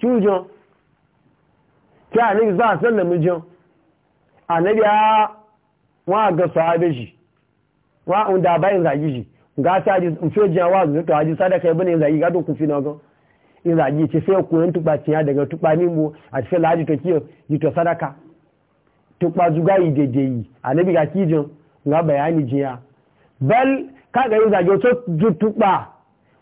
kí ó jọ kí àníbi bá àṣẹ́lẹ̀ mú jọ àníbi á wọ́n àgọ́sọ̀ abẹ́jì wọ́n àwọn dàbá ìrìnàjì jì gata mfe jiyan wa zuwa kawaji sadaka ya bane zagi gado kun fi na in ce sai ku ciya daga mu a cikin laji to kiyo yi to sadaka zuga yi yi anabi ga kijin nga bayani jiya bal ka ga yin to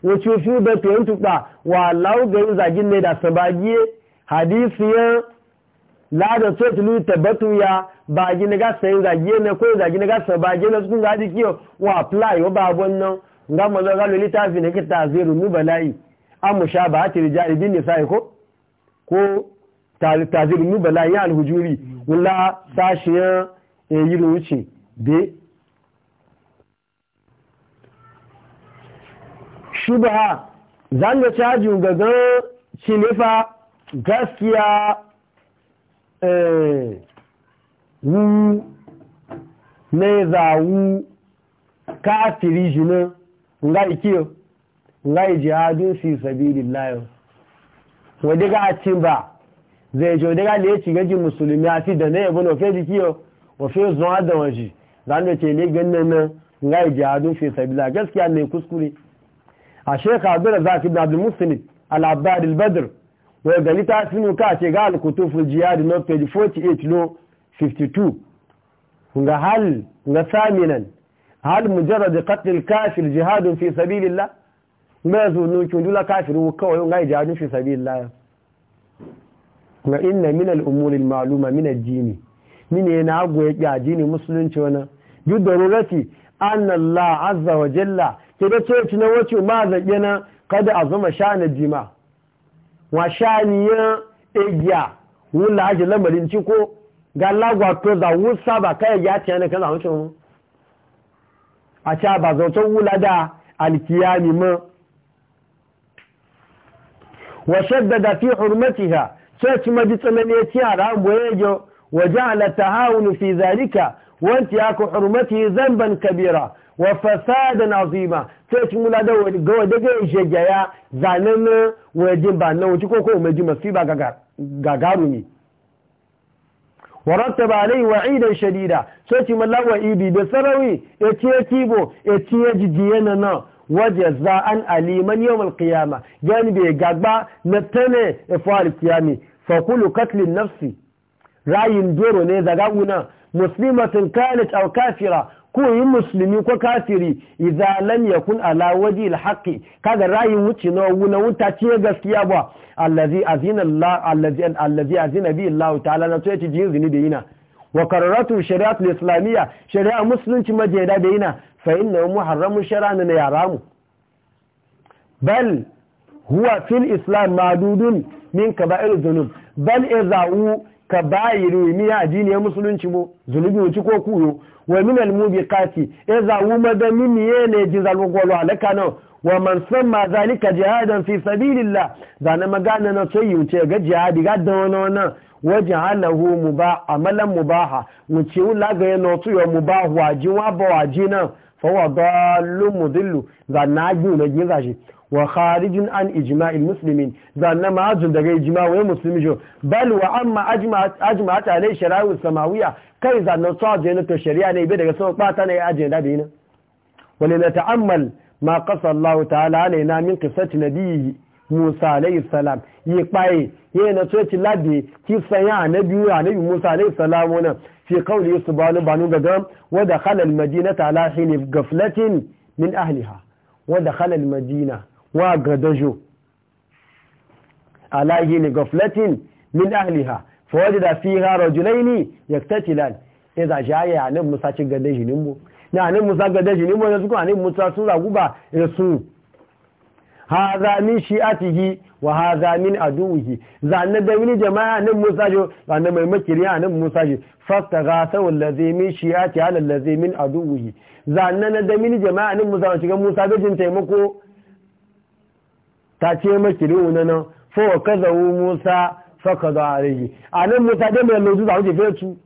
wuce shi da fiye tuɓa wa laugayin zagin ne da sabagiye hadisiyan lada so tulu tabbatu ya ba gina ga sayin zagiye ne ko zagin ga sabagiye na sukun gaji kiyo wa apply wa babon nan ga mazo ga lolita fi ne kita ziru mu bala'i an mu sha ba ta rija ko ko taziru mu bala'i ya alhujuri wula sashiyan yayi eh, wuce be shubha zanga da cajin gaga cilifa gaskiya eh, wu ne za wu kafiri jina nga ikiyo nga jihadun fi sabilillah wadda ga cin ba zai jo daga da ya ci gaji musulmi a fi da na yabo na ofe jikiyo ofe zuwa da waje zan da ce ne ganin nan nga jihadun fi sabilillah gaskiya ne kuskure a shekha abdullah zaki da abdul muslim al-abbad al-badr wa gani ta sinu ka ce ga al-kutuful jihad no page 48 no 52 kunga hal kunga saminan hal mujarrad qatl al-kafir jihad fi sabilillah ma zunu kundula kafiru kawai ngai jihad fi sabilillah kuma inna min al-umuri al-ma'luma min ad-din mine na goye ya addini musulunci wannan bi darurati anna Allah azza wa jalla sai da coci na wacce ma zaƙe na kada a zama na jima wa ya egiya wula haji lamarin ci ko ga lagwato za wusa ba kai ya tiya yana kan mu. a ca ba zautar wula da alkiyami ma wa da fi hurmati ha? sai ci maji tsanani ya ci yara abu ya yi wa ja'ala ta fi zalika wanti ya ku hurmati zamban kabira wa da Nazima sai cin mula da ga wanda ga shegaya zanan ba na wuce koko mai ji masiba ga gagarumi warattaba alai wa'idan shadida sai cin mula idi da sarawi ya ce kibo ya ce jijiye na nan waje za an aliman yau kiyama gani bai gagba na tane ifar kiyami fakulu katlin nafsi rayin doro ne zagaguna muslimatin kanit Alkafira. ko yi musulmi ko kafiri idza lam yakun ala waji alhaqi kaga rayi wuce na wuna wuta ce gaskiya ba allazi azina allah allazi allazi azina bi allah ta'ala na to yace jin zini da yana wa qararatu shari'at alislamiyya islamiyya shari'a musulunci majeda da ina fa inna muharramu shar'an na yaramu bal huwa fil islam madudun min kaba'ir dhunub bal idza'u ka bayiru mi ya addini ya musulunci mo zulubi wuci ko kuyo wa min al mubiqati idza e wuma da min ye ne ji zalu golo alaka kana wa man samma zalika jihadan fi sabilillah zana magana na sai yuce ga jihadi ga da wono na waja'alahu muba amalan mubaha wuce wula ga yana to yo mubahu ajin wa ba na fa wa dallu mudillu zana ju na ji zashi وخارج عن إجماع المسلمين ذا ما أجل دقى إجماع ومسلمين بل وعما أجمعت, أجمعت عليه شرائع السماوية كي ذا نصاد جنته الشريعة نيبدك يعني سوق باتنا أجل دابين ولنتعمل ما قص الله تعالى علينا من قصة نبيه موسى عليه السلام يقبعي هنا تويت لدي كي سيع نبيه نبي موسى عليه السلام في قوله سبحانه بانو قدام ودخل المدينة على حين قفلة من أهلها ودخل المدينة wa gadajo ala gini gaflatin min ahliha fa wajada fiha rajulaini yaktatilan idza e jaya nan musa cin gadaji nin mu na nan musa gadaji nin mu da suka nan musa sun raguba e su hadha min shi'atihi wa hadha min aduwihi zanna da wani jama'a nan musa jo zanna mai makiri nan musa jo fastaghatha wallazi min shi'ati ala allazi min aduwihi zanna da wani jama'a nan musa shiga musa gajin taimako ta ce maki riwuna nan fowa kaza wu musa faka za a rage a nan musa ɗin mai lozu za a jefe su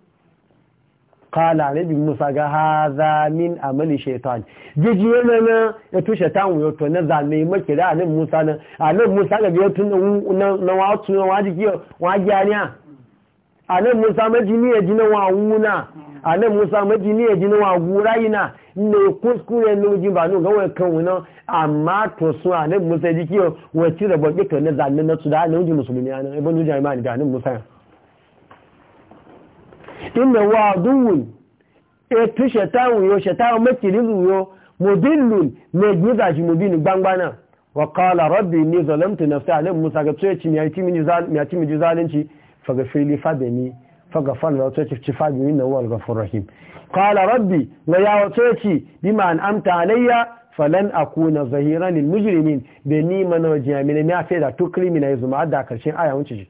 kala nabi musa ga haza min amali shaitan jiji yana na ya tu shaitan wuyo to na zane maki da nan musa nan a nan musa ga biyo tun na watu na wajiki wajiyaniya a nan musa majini ya ji na wawuna a nan musa majini ya ji na wagurayina ne kuskure nuji ba nu gawai kan wuna amma to su a nan musa ji kiyo wacce da bambe kan na zanne na su da nan ji musulmi a nan ibn nuja imani da nan musa inna wa duwun e tu shaitan yo shaitan makirizu yo mudillun ne gniza shi mubin gbangbana wa qala rabbi ni zalamtu nafsi alim musa ga tsoye ci mi ci mi zalunci faga fili fadani faga falla tsoye ci fadani na wal ghafur rahim qala rabbi la ya wace bima an amta alayya falan akuna zahiran lil mujrimin be ni mana jami'in ya fa da to criminal zuma da karshen aya wuce shi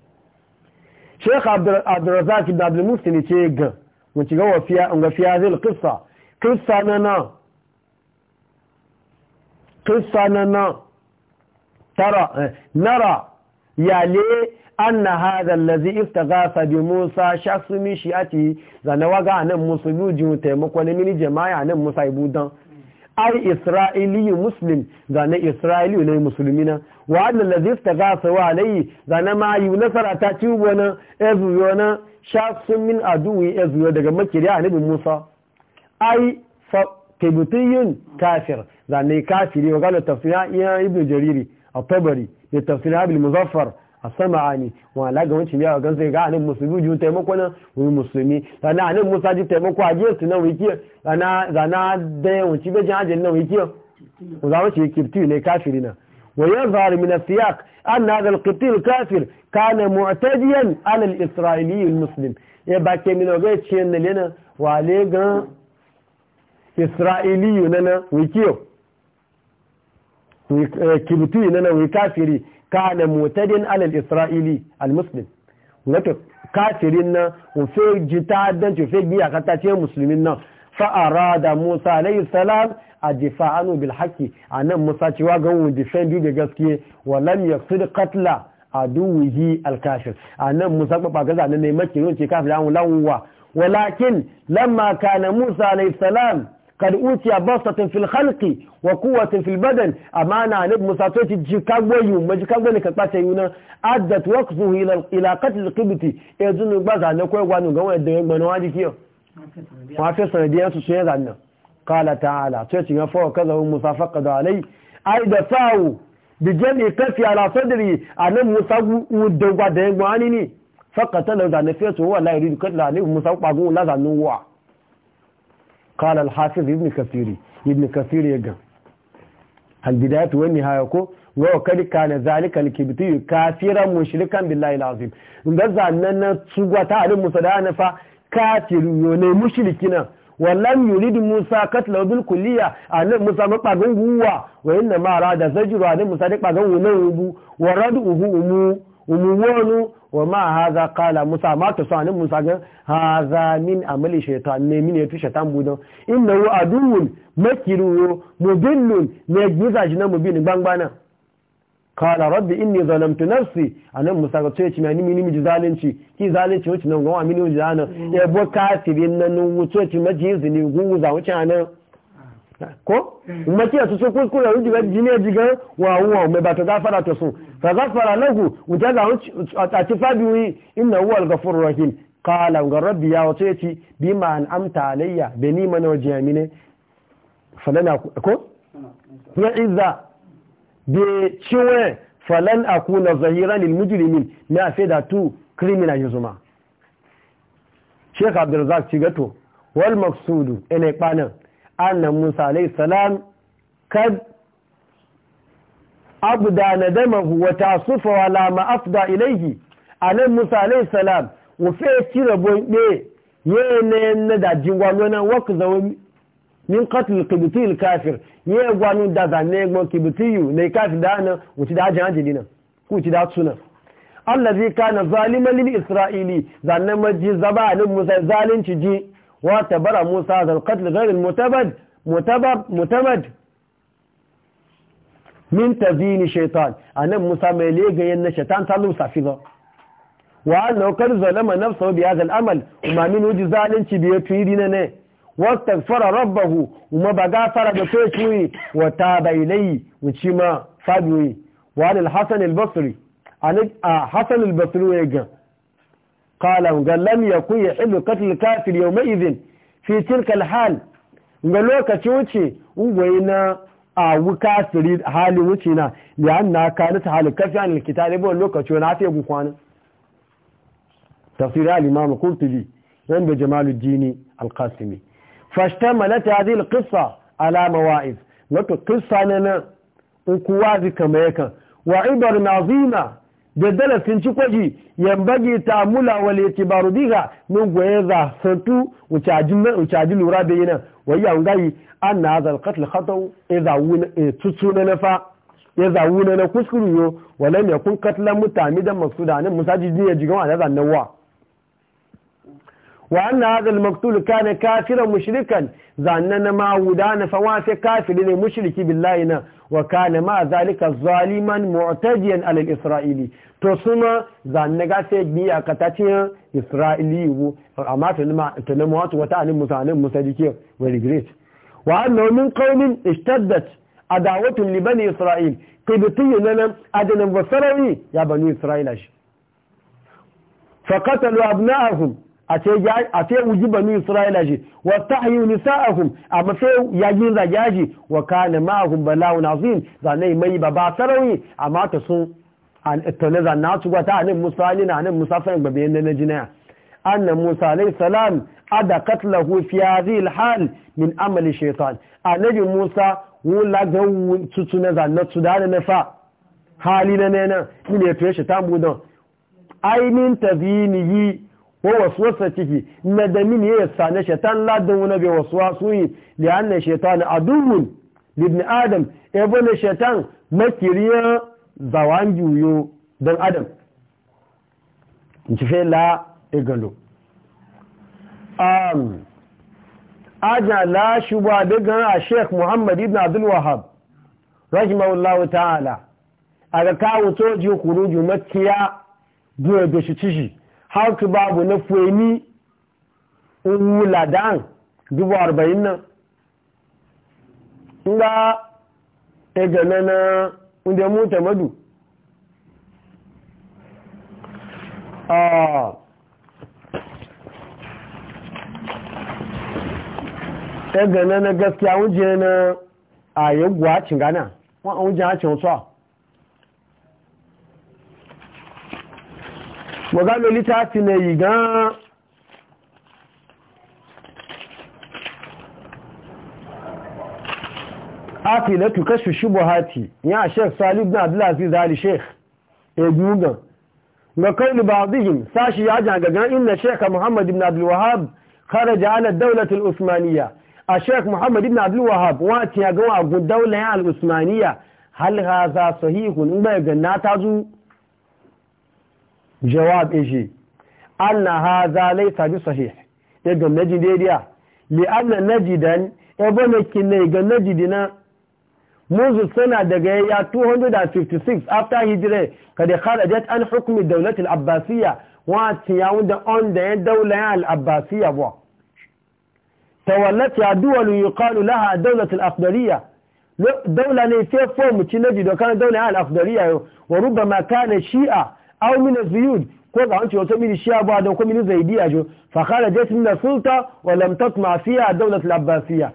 Sheikh Abdurrazzaq ibn Abdul Muhsin ce ga mun ci ga wafiya an ga fiya zil qissa qissa na na qissa na na yale anna hadha allazi iftaghafa bi Musa shakhsu min shi'ati zanawa ga nan musulmi ji taimako ne mini jama'a nan Musa ibudan ai isra'ili muslim zane isra'ili ne musulmina wa allazi ladhi wa alayhi zane ma yunasara ta tubo na ezuyo na shakhsu min aduwi ezuyo daga makiriya annabi Musa ai fa kibutiyun kafir zane kafiri wa galo tafsira ibn jariri at-tabari bi tafsira bil muzaffar a sama ne wa laga wancin yawa gan zai ga anan musulmi jun taimako nan wani musulmi zana anan musa ji taimako a jiya su wiki wikiyar zana da yawanci bejin ajiyar na wiki ku za wace kirti ne kafiri na wa yan zahar min siyak an na gal kiftil kafir na mu'tajiyan alal isra'iliyyar muslim ya ba ke min ga ciyen na lena wale gan isra'iliyun na na wikiyar eh, kifti na na kafiri. kana mutadin alal isra'ili almuslim wato kafirin nan ufe jita dan ufe giya kata ce musulmin nan fa arada musa alayhi salam a difa'anu bil haqqi anan musa cewa ga mu defend da gaskiye wa lam yaqsid qatla aduwihi al kafir anan musa ba ga zanen ne makirin ce kafir an lawwa walakin lamma na musa alayhi salam kad utiya basatin fil khalqi wa quwwatin fil badan amana ne musa to ti jikagbo yu ma jikagbo ne kan pate yuna addat waqfu ila ila qatl qibti e zunu gbaza ne ko gwanu gan wa de gbono wa dikio wa fe san diyan su sun zan qala ta'ala to ti ga fo kaza musa musafaqad alai ai da fa'u bi jami kafi ala sadri an musa wu de gwa de gbon ani ni faqata la zan fe to wallahi ri kadla ni musa pagun la zan wa قال الحافظ ابن كثير ابن كثير يقول البداية والنهاية كو وقد كان ذلك الكبتي كافرا مشركا بالله العظيم نغزا نن تسوغوا تعلم مصدانا فا كافر يوني مشركنا ولم يريد موسى قتله بالكلية أن موسى مقبغن هو وإنما أراد زجر أن موسى مقبغن ونوبو وردؤه أمو أمو wa ma haza kala musa ma ta sa musa ga haza min amali shaitan ne min yafi shaitan budan inna hu aduwwun makiru mudillun ne giza shi na mubin gbangbana. kala rabbi inni zalamtu nafsi anan musa ga tsaye cimani mini miji zalunci ki zalunci wuce nan gawa mini miji zanen mm. ya bo kafirin nan wuce ci maji izini guguza wuce anan ko mm. makiya su sun kuskure wuce ga jini ya jigan wa wuwa mai ba ta gafara ta sun فغفر له وجزع اتفادي إنه هو الغفور الرحيم قال ربي يا وتيتي بما أنعمت علي من وجامين فلن أكون وإذا بشوى فلن اكون ظهيرا للمجرمين ما فيدا تو كريمنا يزما شيخ عبد الرزاق تيغتو والمقصود إن إقبانا ان موسى عليه السلام قد abda nadamahu wa tasufa wala ma afda ilayhi anan musa alayhi salam wa fe tira bonde yene na da jingwalo na wak zawo min qatl qibti al kafir ye gwanu da da ne gbo qibti yu ne kafir da na wuti da jan jidina ku ti da suna allazi kana zaliman lil isra'ili zanna maji zabanin musa zalunci ji wa tabara musa zal qatl ghayr mutabad mutabad mutabad min tazini shaitan anan musa mai legayen na shaitan ta lusa fi ba wa annahu kad zalama nafsahu bi hadha al-amal umma min wuji zalinci bi yatiri ne wastaghfara rabbahu umma bagafara da to shi wa taba ilayhi wuci ma fabiyi wa al-basri an hasan al-basri ya ga qala gal lam yakun yahilu qatl al-kafir yawma idhin fi tilka al-hal ga lokaci wuce ungwaye a wuka siri hali wuce na ya na kanu ta hali kafi an likita ne bawan lokaci wani hafi yagun kwana tafsiri al-imam qurtubi yan da jamaluddin al-qasimi fashtamalat hadhihi al-qissa ala mawa'iz wato qissa ne na in kuwa kama mai kan wa ibar nazima da dalasin ci kwaji yambagi ta mula wal yatibaru biha min za santu ucaji lura da nan gayi an na azal alqatl khata ya wuna tutuna nafa ya zawu na na kuskuru yo walam yakun da mutamidan maqsuda nan musajidi ya jigan wa zan nawa wa anna hadha maktul kana kafiran mushrikan zanna na ma na fa wa fi kafir ne mushriki billahi na wa kana ma zalika zaliman mu'tadiyan alal isra'ili to suma zanne ga sai biya katacin isra'ili wo amma to ma to wato wata anin musanin musadike wa regret wa annahu min qaumin ishtaddat adawatu li bani isra'il qibtiyun lana adanan wa sarawi ya bani isra'ila shi فقتلوا أبناءهم a ce wuji banu isra'ila shi wa ta hayu nisa'ahum a mafi yayin zagaji wa kane ma'ahum bala'un azim zane mai ba ba sarauni a mata sun tattale zane na tuba ta hannun musa na hannun musa fahim babu yadda na jinaya annan musa alai salam ada katlahu fi hadhihi hal min amali shaytan annabi musa wula ga tutu na zane tudana na fa hali na nena mine to shi tambu don ta ainin ni yi ko wasuwasa ciki na da min ya sane shaitan ladan wani bai wasuwa su yi da hannun shaitan a duhun Ibn adam ebe na shaitan makiriya zawan juyo don adam ci la igalo e aja la shuba daga a sheikh muhammad ibn abdul wahab rahimahullahu ta'ala a kawo toji kuruju jumakiya biyo da shi cishi har ki babu na fueni uwu ladan dubu arba'in nan nga egana na inda mota madu ah. egana na gaskiya wuje na a yi guwa cingana wa'an wujen hacin wasu wọ̀gá lórí ti nẹ̀ yìí gan-an ápì lẹ́tù kẹ́ṣù ṣubọ̀ hati ní àṣẹ́ salibin abdulaziz ali sheikh egugan lọ́kọ́ ilubazihim sáṣì ya jàgagán inna sheikh muhammad ibn abdulwahab kharaja usmaniya a sheikh muhammad ibn abdulwahab wọ́n ti al-usmaniya hal haza in ganna ta zu jawab ishi anna hadha laysa bi sahih daga naji daidiya li anna najidan ibn kinai ga najidina منذ سنة ya 256 after hijira kada kharajat an hukmi daulat al-abbasiyya wa tiyawun da on da yan daula al-abbasiyya ba tawallat ya duwal yuqalu laha daulat al-afdaliyya daula ne sai form ci naji da kan daula al-afdaliyya wa rubbama kana shi'a aw min az ko ga wancan wato mini shiya ba don ko mini zaidiya jo fa kharajat min sulta wa lam tatma fiha dawlat al-abbasiyya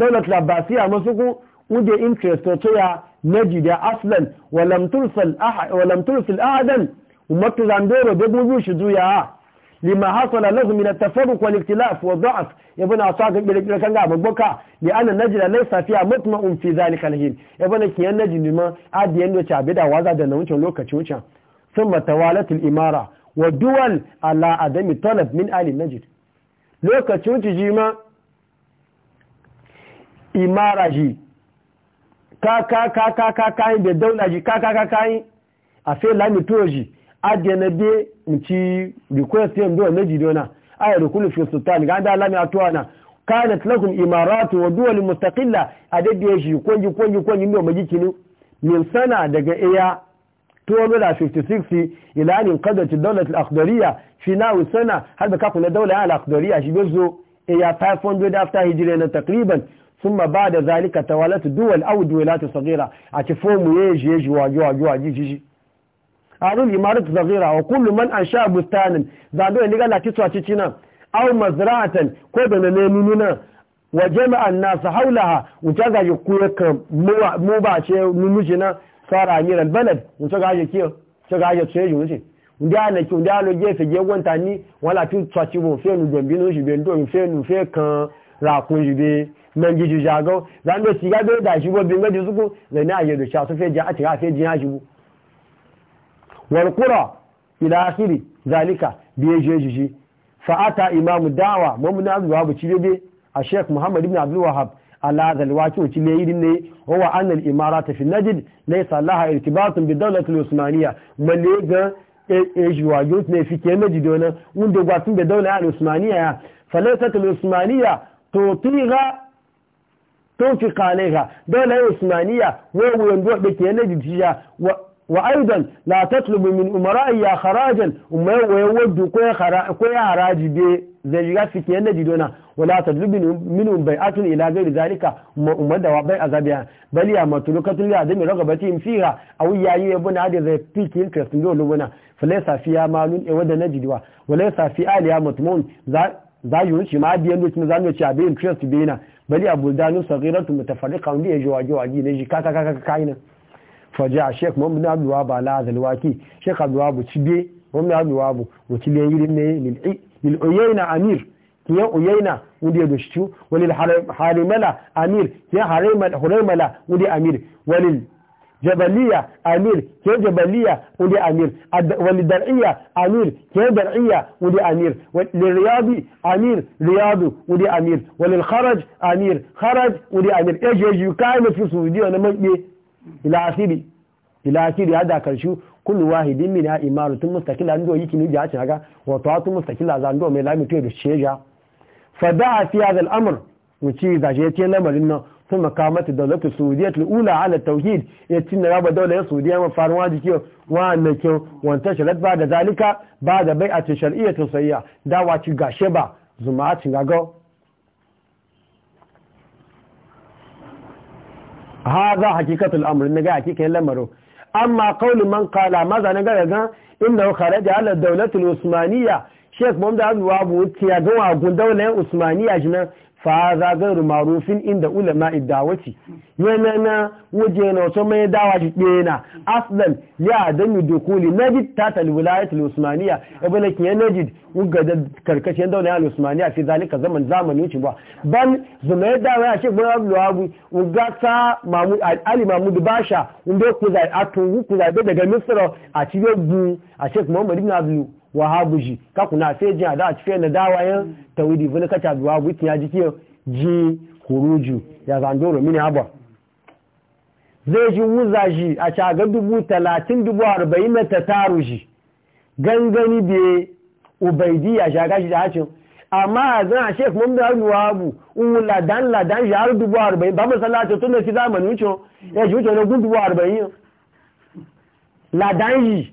dawlat al-abbasiyya masuku wuje interest to ya naji da aslan wa lam tursal ahad wa lam tursal ahadan ummatu zandoro da gubu shi zuya lima hasala lahu min at-tafarruq wal ikhtilaf wa dha'f ibn asa ga bire kan ga babboka li anna najla laysa fiha mutma'un fi zalika al-hin ibn kiyan najli ma adiyan do chabe da waza da nawuncin lokaci wucin thumma tawalat al-imara wa duwal ala adami talab min ali najd lokacin wuci ji ma imara ji ka ka ka ka ka ka da daula ji ka ka ka ka a fe lamitoji adiyana de nci request yin duwa na jidona aya rukunu fi sultani ga da alami atuwa na kanat lakum imaratu wa duwal mustaqilla adadiye shi konji konji konji ndo majikinu min sana daga iya 256 ila an qadat ad-dawla al-akhdariya fi nawi sana hada ka kuna dawla al-akhdariya shi bezo iya 500 after hijra na takriban ثم بعد ذلك توالت دول او دولات صغيره اتفهم ya يجي واجي ji واجي arul imaratu zaghira wa kullu man ansha bustanan zado ne ga lati tsaci cina aw mazra'atan ko da ne nununa wa jama'a an-nas hawlaha wuta ga ku ka mu ba ce nunuji na fara amiran balad wuta ga ya kiyo ta ga ya ce yuji ndia na ki ndia lo gefe je wonta ni wala ti tsaci bo fe nu gombi no shi be ndo mi fe nu fe kan ra kun ji be nan ji jago zan do siga be da shi go bi ngadi zuku zai na ayedo cha so fe a ti ga fe ji ya ji bu والقرى إلى آخر ذلك بيجيجي فأتى إمام الدعوة ممن عبد الوهاب تشيبي الشيخ محمد بن عبد الوهاب على هذا الواقع وتليدني هو أن الإمارات في النجد ليس لها ارتباط بالدولة العثمانية مليغا اجوا يوتنا في كنجد هنا وندوا قاتين بالدولة العثمانية فليست العثمانية تعطيها تنفق عليها دولة عثمانية وهو يندوح بكنجد وايضا لا تطلب من امراء يا خراجا ويود كو كوي حراج بي زي في كيان دونا ولا تطلب منهم بيعه الى غير ذلك أمد وبيع ازابيا بل يا متلوكه متروكة لعدم رغبتهم فيها أو يعني يبون هذه زي بيك انترست لولونا فليس فيها مال إود نجدوا وليس في ال آلها مطمون za yi wuce ma biyan da kuma zamu بينا بل يا بلدان صغيره متفرقه ودي sagiratu mutafarriqa wanda كاكا ji waje كا كا كا كا كا كا كا faja a sheik muhammadu abduwa ba la zalwaki sheik abduwa bu cibe muhammadu abduwa bu wuci ne yirin ne lil'uyaina amir kiyan uyaina wunde da shi walil harimala amir kiyan harimala wunde amir walil jabaliya amir kiyan jabaliya wunde amir walil dar'iya amir kiyan dar'iya wunde amir walil riyadi amir riyadu wunde amir walil kharaj amir kharaj wunde amir ejeji kayan mafi su bidiyo na manke ila asiri ya asiri hada kullu wahidin min na mustaqila ndo yiki ni ja ga wa tun mustakila za ndo mai lami to da sheja fa da'a fi hadha al-amr wuci da je ce lamarin nan kuma kamata dawlatu sudiyyat al-ula ala tauhid yace na raba ya sudiyya ma faruwa waji kiyo wa annake wanta sharat ba da zalika ba da shari'a shar'iyyatu sayya da waci gashe ba zuma cin gago haza hakikatul amr na ga hakikan lamarin amma qaulun man qala maza na ga ga inna kharaja ala dawlatul usmaniyya sheikh muhammad abdul wahab tiya ga wagun daular usmaniyya jinan fa za gairu marufin inda ulama idawati yana na waje na wato mai dawa shi ɗena aslan ya dami dukuli najid ta talwilayat al-usmaniya ibn ya najid uga da karkashin daular al-usmaniya fi zalika zaman zamani wuce ba ban zuma ya dawa ya shek bin abdul wahabu uga ta ali mamud basha unde ku zai atun ku zai daga misra a cibiyar gu a shek muhammad ibn abdul wahabuji ka kuna sai jin da a cikin da dawayen tawidi bin ka ta duwa buki ya jike ji kuruju ya zandoro mini haba zai ji wuza shi a caga dubu talatin dubu arba'in na tataru shi gangani da ubaidi a shaga shi da hacin amma a zan a shek mun harin wahabu un ladan ladan shi har dubu arba'in ba masallaci tun da shi zamani wucin ya shi wucin na gun dubu arba'in ladan shi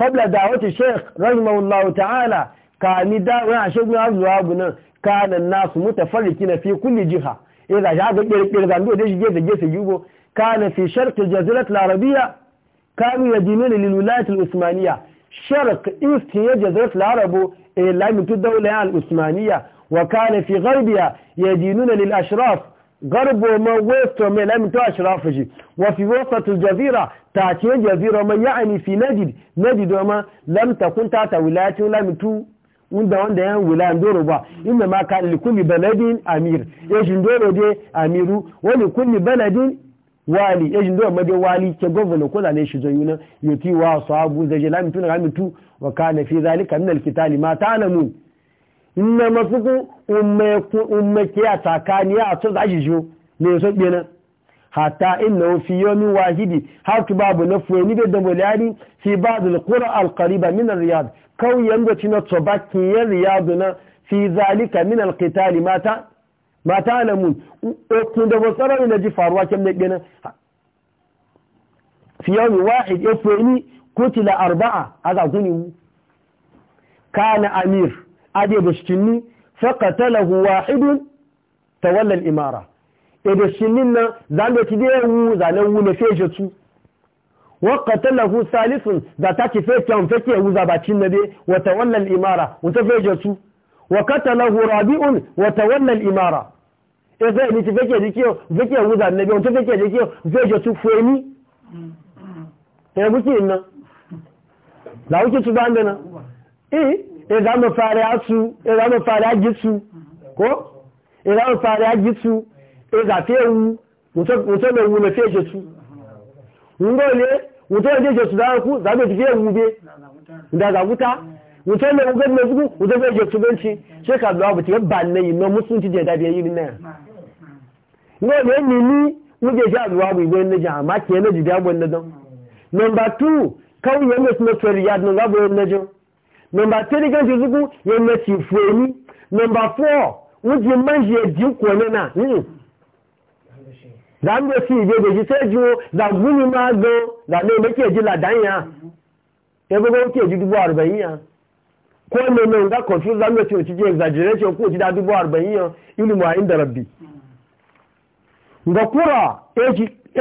قبل دعوة الشيخ رحمه الله تعالى كان دعوة الشيخ من عبد الوابنا كان الناس متفرقين في كل جهة إذا جاء بيرزاندو ديش جيف جيف يجيبو كان في شرق الجزيرة العربية كانوا يدينون للولايات العثمانية شرق إيست هي جزيرة العرب إلا من الدولة العثمانية وكان في غربها يدينون للأشراف garbo ma westo mai lamito a shi wafi wasatul jazira ta ce jazira mai ya'ani fi najid najid ma lamta kun ta ta wilayatin lamitu wanda wanda yan wilayan doro ba inda ma ka likulli baladin amir yashin doro dai amiru wani kulli baladin wali yashin doro ma dai wali ke gwamna ko zane shi zai yunan yoti wa sahabu zai je lamitu na lamitu wa kana fi zalika min alkitali ma ta'lamun na mafuku ummaki a tsakaniya a tun zashi shi ne so ɗina hata ina fi yomi wahidi haka babu na fuwe ni da mulari fi ba da kura alkariba minar riyad kauyen gaci na tsobakin yan riyadu na fi zalika minar kitali mata mata alamun okun da wasarar ina ji faruwa kyan da ɗina fi yomi wahidi ya e fuwe ni kutila arba'a a zaguni kana amir ade bashkinni faqatalahu wahidun tawalla imara e bashkinnin nan zanda ti dai wu zanan wu ne feje tu wa qatalahu salifun za ta ki feke on feke wu za bacin nabe wa tawalla al-imara wuta feje tu wa qatalahu rabi'un wa tawalla al-imara e zai ni ti feke dikio feke wu za nabe wuta feke dikio feje tu feni e buki la wuki tu bandana eh ya za mu fara ya su za mu fara gitsu ko ya za mu fara gitsu ya za wu mutum da wu na fe shi su ngole mutum da su da ku za mu fe wu be da za wuta mutum da ugan na zugu mutum da je su benci sai ka da abu ta e yabba ne yi e na musulunci da da biye yi ne ngole ni ni mu je ja ruwa bu ibn na jama'a ke na jidan wannan don number 2 kawai yanda suna Number three gan ti zugu yẹn na ti fún ẹni. Number four wọ́n ti máa ń yẹ dín ní náà. Dàmbe sí ìgbé gbèjì sẹ́jú o, dàgbúni máa gan, dàmbe méjì èjì làdáyà. Ẹgbẹ́gbẹ́ ń kí èjì dúbọ̀ àrùbẹ̀ yìí yàn. Kọ́ ẹ̀mẹ̀ náà nga confuse dàmbe tí o ti jẹ́ exaggeration kó o dúbọ̀ àrùbẹ̀ yìí yàn ìlú mọ̀ àyín dàrà bì. Nga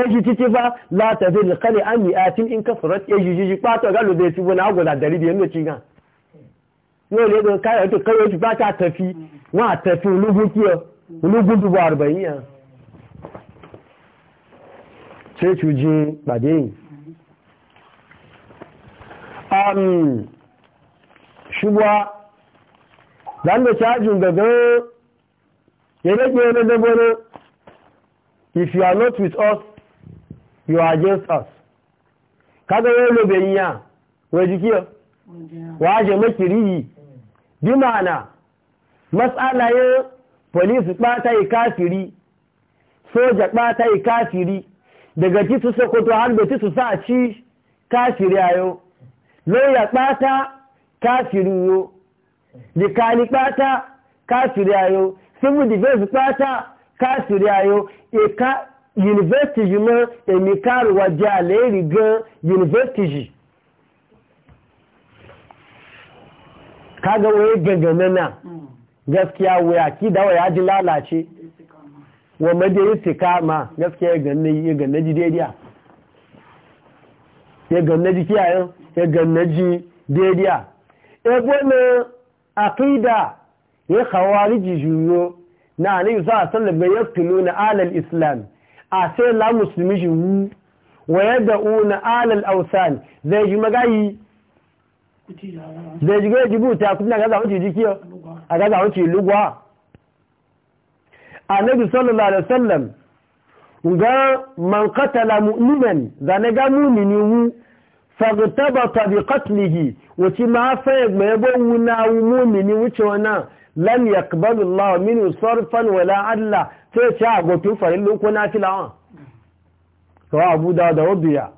èjì títí fa látàdé nìkan ní àmì àti nǹkan sọ̀rọ̀ èjì jíjí pátọ̀ gálòdè ti wọn àgọ̀dà dàrí bí yóò lè gbé káyọ̀ tó kẹ́yọ̀ ojú bá ṣàtẹ̀fí wọ́n àtẹ̀fí ológun kí ọ ológun dùbọ̀ àrùbọ̀ yìí yàn ṣéṣù jí pàdé yìí um, ṣùgbọ́ dáńdọ̀ ṣáájú gbẹ̀gbẹ̀ yẹ́lẹ́gbẹ̀ ẹlẹ́gbẹ̀rẹ̀ if you are not with us you are against us kágẹ́rẹ́ olóbẹ̀ yìí yàn wẹ́jú kí ọ wàá jẹ mẹ́kìrí yìí bí ma'ana matsalaye polisi ɓata yi kafiri soja ɓata yi kafiri daga titu sokoto har da titu sa ci kafiri a yau lawyer ɓata kafiri yo jikali ɓata kafiri a yau civil defense ɓata kafiri a yau e university yi ma emi jale rigan university kaga waye gangana nan hmm. gaskiya waya ki da waya ji lalace wa madai ma gaskiya ya ganna ji daidai ya ganna ji kiyayen ya ganna ji daidai ebo na aqida ya khawariji juyo na anabi sa sallam ga na alal islam a sai la muslimi ju wa na alal awsan zai ji magayi zai jigo jibuta kuma ga zamu ci jikiyo a ga zamu ci A annabi sallallahu alaihi wa sallam, ga man qatala mu'minan zane ga mu'mini wu fagtabata bi qatlihi wati ma fa me bo wuna mu'mini wuce wana lam yaqbalu Allah minhu sarfan wala adla sai ta go tu farin lokuna tilawa to abu da da wabiya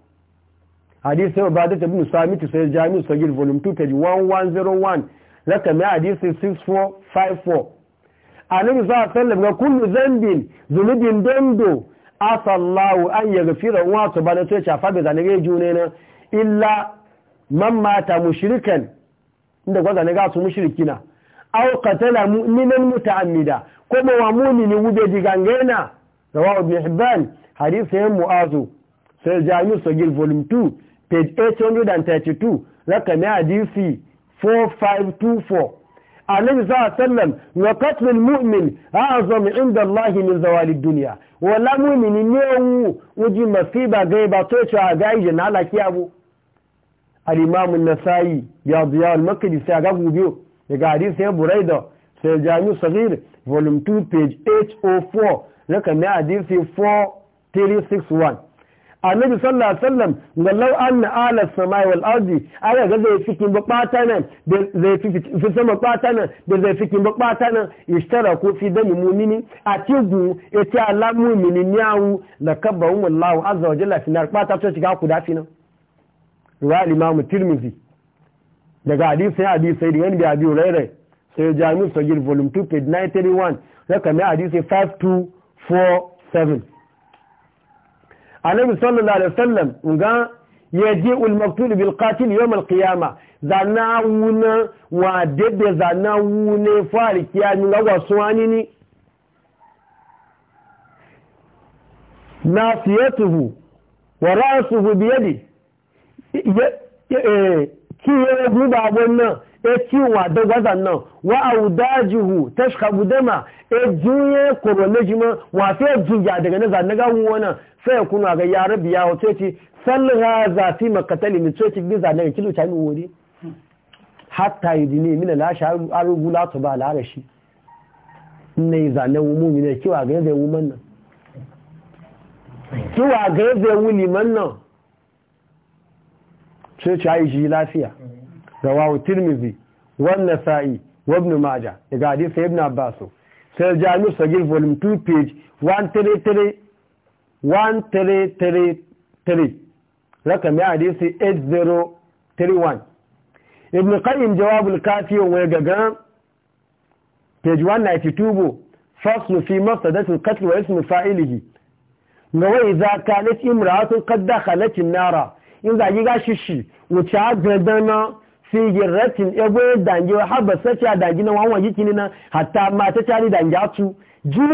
hadisi ubada ibn samit sai jami'u sagir volume 2 page 1101 zaka mai hadisi 6454 annabi sallallahu alaihi ga kullu zambin zunubin dando asallahu an yaghfira wa subhanahu sai shafa da zanage june na illa man mata mushrikan inda gwaza ne ga su mushrikina aw qatala mu'minan muta'ammida kuma wa mu'mini wube digangena rawahu ibn hibban hadisi mu'azu sai jami'u sagil volume 2 page 832 rakami hadisi 4524 annabi sallallahu alaihi wasallam wa qatlul mu'min a'zamu 'inda Allah min zawali dunya wala mu'mini ne wu uji masiba gai ba to cha gai je na laki abu al-imam an-nasai ya ziya al-makdi sai ga gubiyo daga hadisi buraida sai jami'u saghir volume 2 page 804 rakami hadisi 4361 annabi sallallahu alaihi wasallam wallau anna ala samai wal ardi aya ga zai fiki ba bata nan da zai fi sama bata nan da zai fiki ba bata nan ku fi dami mu'mini atigu eti ala mu'mini niawu la kabahu wallahu azza wa jalla fi bata to shiga ku dafi nan ruwa imam tirmizi daga hadisi hadisi da bi abi rayre sai jami'u sagir volume 2 page 931 rakami hadisi 5247 annabi sallallahu alaihi wasallam ga yaji ul maktul bil qatil yawm al qiyama zanna wuna wa dede zanna wune fari kiyami ga suwani ni nasiyatuhu wa ra'suhu bi yadi eh, ki ya guba wannan ekiwa da gwazan nan wa audajihu tashkhabu dama e juye korolejima wa fi juya daga na zan ga wannan sai kuna ga ya rabi ya wato ce sallaha za fi makatali mi ce ki giza daga kilo mi wuri hatta yidini min la arugu la to ba la rashi ne zanen mu ne kiwa ga zai wuman nan kiwa ga zai wuli man nan sai ci ayi ji lafiya rawahu tirmizi wan nasa'i wa ibn majah daga hadith ibn abbas sai jami sagir volume 2 page 133 1333 rakami hadisi 8031 ibn qayyim jawab al-kafi wa gaga page 192 bo fasl fi mafsadat al-qatl wa ism fa'ilihi nawa idza kanat imra'atun qad dakhalat an-nara in zagi yi shi wuce fi ego dangi wa haba sacha dangi na wanwa yikini na hata mata tari dangi atu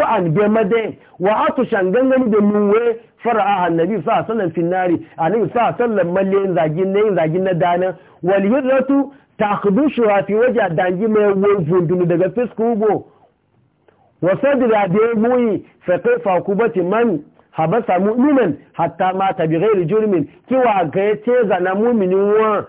an be made wa atu shangangani da nuwe fara'a annabi sa sallan finnari annabi sa sallan malle zagi ne zagi na dana wal yudratu takhdushu fi waja dangi mai wofun dunu daga fisku wa sadra da muyi fa kaifa kubati man habasa mu'minan hatta mata bi ghairi jurmin kiwa ga yace zana mu'minin wa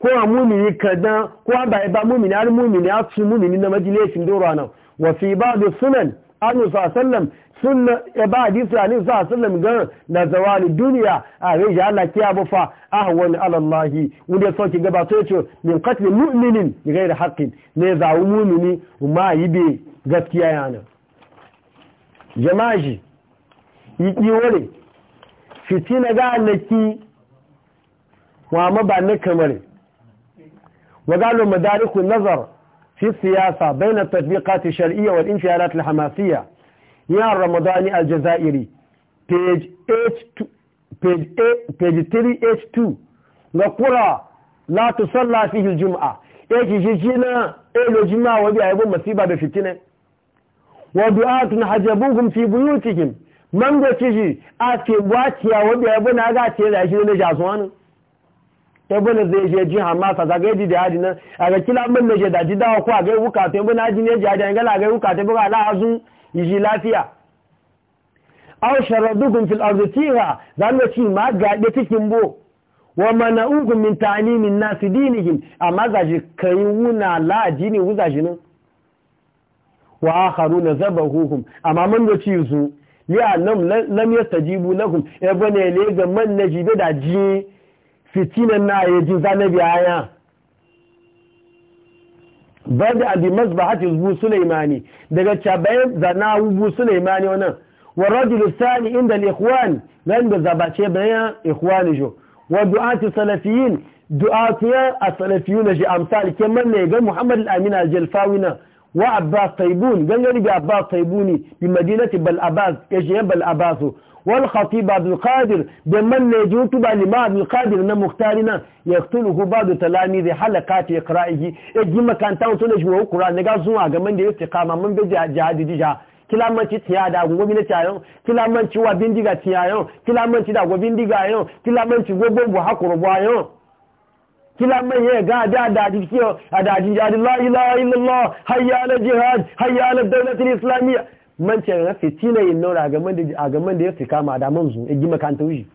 ko a mumini kadan ko a bai ba mumini har mumini a su mumini na majalisin dora nan wa fi ba da sunan anu sa sallam sunna e ba hadisi ani sa sallam ga na zawali duniya a rai ya Allah kiya bu fa ahwan ala Allah wanda so ki gaba to yace min qatl mu'minin bi ghairi haqqin ne za mumini ma yibe gaskiya yana jama'i yi wore fitina ga annaki wa ma ba ne kamar وقالوا مدارك النظر في السياسة بين التطبيقات الشرعية والانفعالات الحماسية يا رمضاني الجزائري page 8 page 8 page 382 وقرى لا تصلى فيه الجمعة ايجي جيجينا ايه الجمعة وبيع عيبون مصيبة بفتنة ودعاة حجبوهم في بيوتهم من تجي اكي واتيا وبيع عيبون اغاتي لعجينا جازوانه tebuna zai je ji hamasa za ga yi da nan a ga kila mun meje da ji dawa ko a ga yi wuka tebuna aji ne ji an gala ga yi wuka tebuna ala azu yi lafiya aw sharadukum fil arzutiha dan mu ci ma gaɗe cikin bo wa mana'ukum min ta'limin nas dinihim amma za ji kai wuna la jini wuza ji nan wa akharuna zabahuhum amma mun da ci su ya nam lam yastajibu lakum e bane le ga man najibe da ji fitinan na ya ji zanabi aya bada abi masbahati bu sulaimani daga cabayin zana bu sulaimani wannan wa rajul sani inda al-ikhwan nan zabace bayan ikhwani jo wa du'ati salafiyin a as-salafiyuna ji amsal keman ne ga Muhammad al-Amin al-Jalfawi na wa Abbas Taibun gangari ga Abbas Taibuni bi madinati Bal Abbas ya Bal Abbas wal ba abdul qadir da man ne ji hutuba lima abdul qadir na muhtarina yaqtuluhu ba'd talamizi halaqati iqra'ihi e ji makanta wato ne shi wa qur'an ne ga zuwa da ta man bi jihadi dija kilamanci tiya da gobi na cayon kilamanci wa bindiga tiyayon kilamanci da gobi bindiga yon kilamanci gobo bu hakuru bu ayon kilaman ya ga da da dikiyo da jihadi la ilaha illallah hayya ala jihad hayya ala dawlatil islamiyya man ce na fitina yin nora a gaman da ya fi kama da manzu ya e gima kan tauji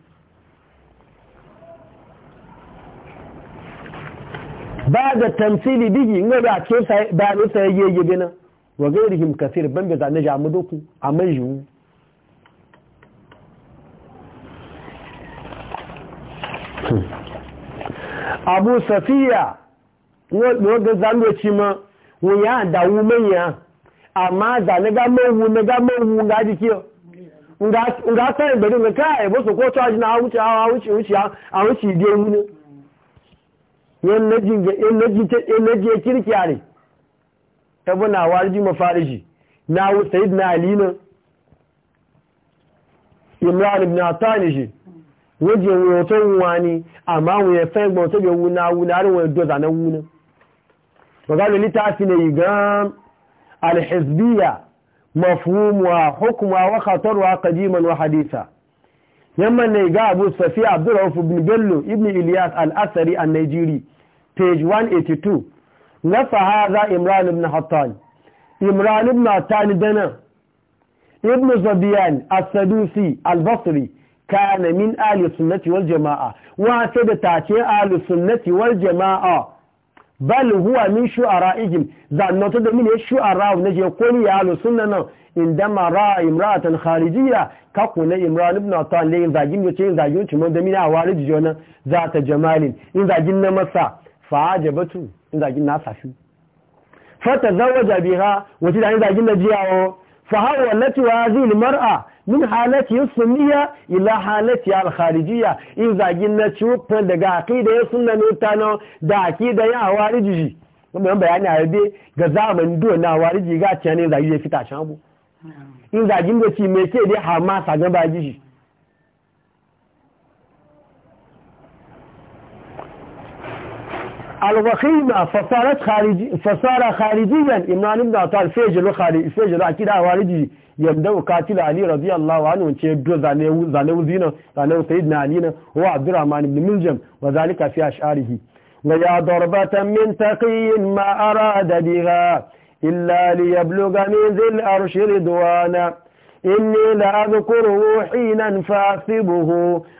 ba da tamsili bigi nga ba ce ba ne sai yeye bina wa gairihim kasir ban da zane jamu doku a manju hmm. abu safiya wa ga ci ma wa da wu manya amma da na ga mawu na ga mawu jiki nga ta iberi nga kai ko charge na wuce a a wuce ide mu ne yan naji yan naji ta yan warji mafariji na wu sayyidina ali na. imran ibn atani shi waje wuyoton wani amma ya fa to be wu na wu na ru wu do da na wu ni ta alhizbiya mafhumwa hukma wa khatarwa qadiman wa haditha yamma ne ga Abu Safi Abdurrauf ibn Bello ibn Ilyas al-Asari al-Najiri page 182 na fahaza Imran ibn Hattan Imran ibn Hattan dana ibn Zabiyan as-Sadusi al-Basri kana min ahli sunnati wal jamaa wa sada tace ahli sunnati wal jamaa bal huwa min shu'ara'ihim zanna to da min ya shu'ara ne je ko ni ya alu sunna nan indama ra'a imra'atan kharijiyya ka ko ne imran ibn atan le zagin yo ce zagin ci mun da min awari jiyo nan za ta jamalin in zagin na masa fa ajabatu in zagin na safi fa tazawaja biha wati da in zagin na jiyawo fa wa hadhihi mar'a. min halati sunniya ila halati al-kharijiyya in zagin na cutar daga aqida ya sunna ne tano da aqida a hawariji kuma yan bayani a yabe ga zamanin do na hawariji ga ciya ne zagi ya fita can abu in zagin da ci me ke dai hama sagan ba jiji الوخيمة فصارت خارجي فصار خارجيا إمام ابن عطال فيجل خارج فيجل أكيد خوارجي yabda'u qatil ali radiyallahu anhu ce do zane zane uzina zane sayyidina ali na wa abdurrahman ibn miljam wa zalika fi ash'arihi wa ya darbatan min taqiyin ma arada biha illa liyabluga min zil arshi ridwana إني لأذكره حينا فأثبه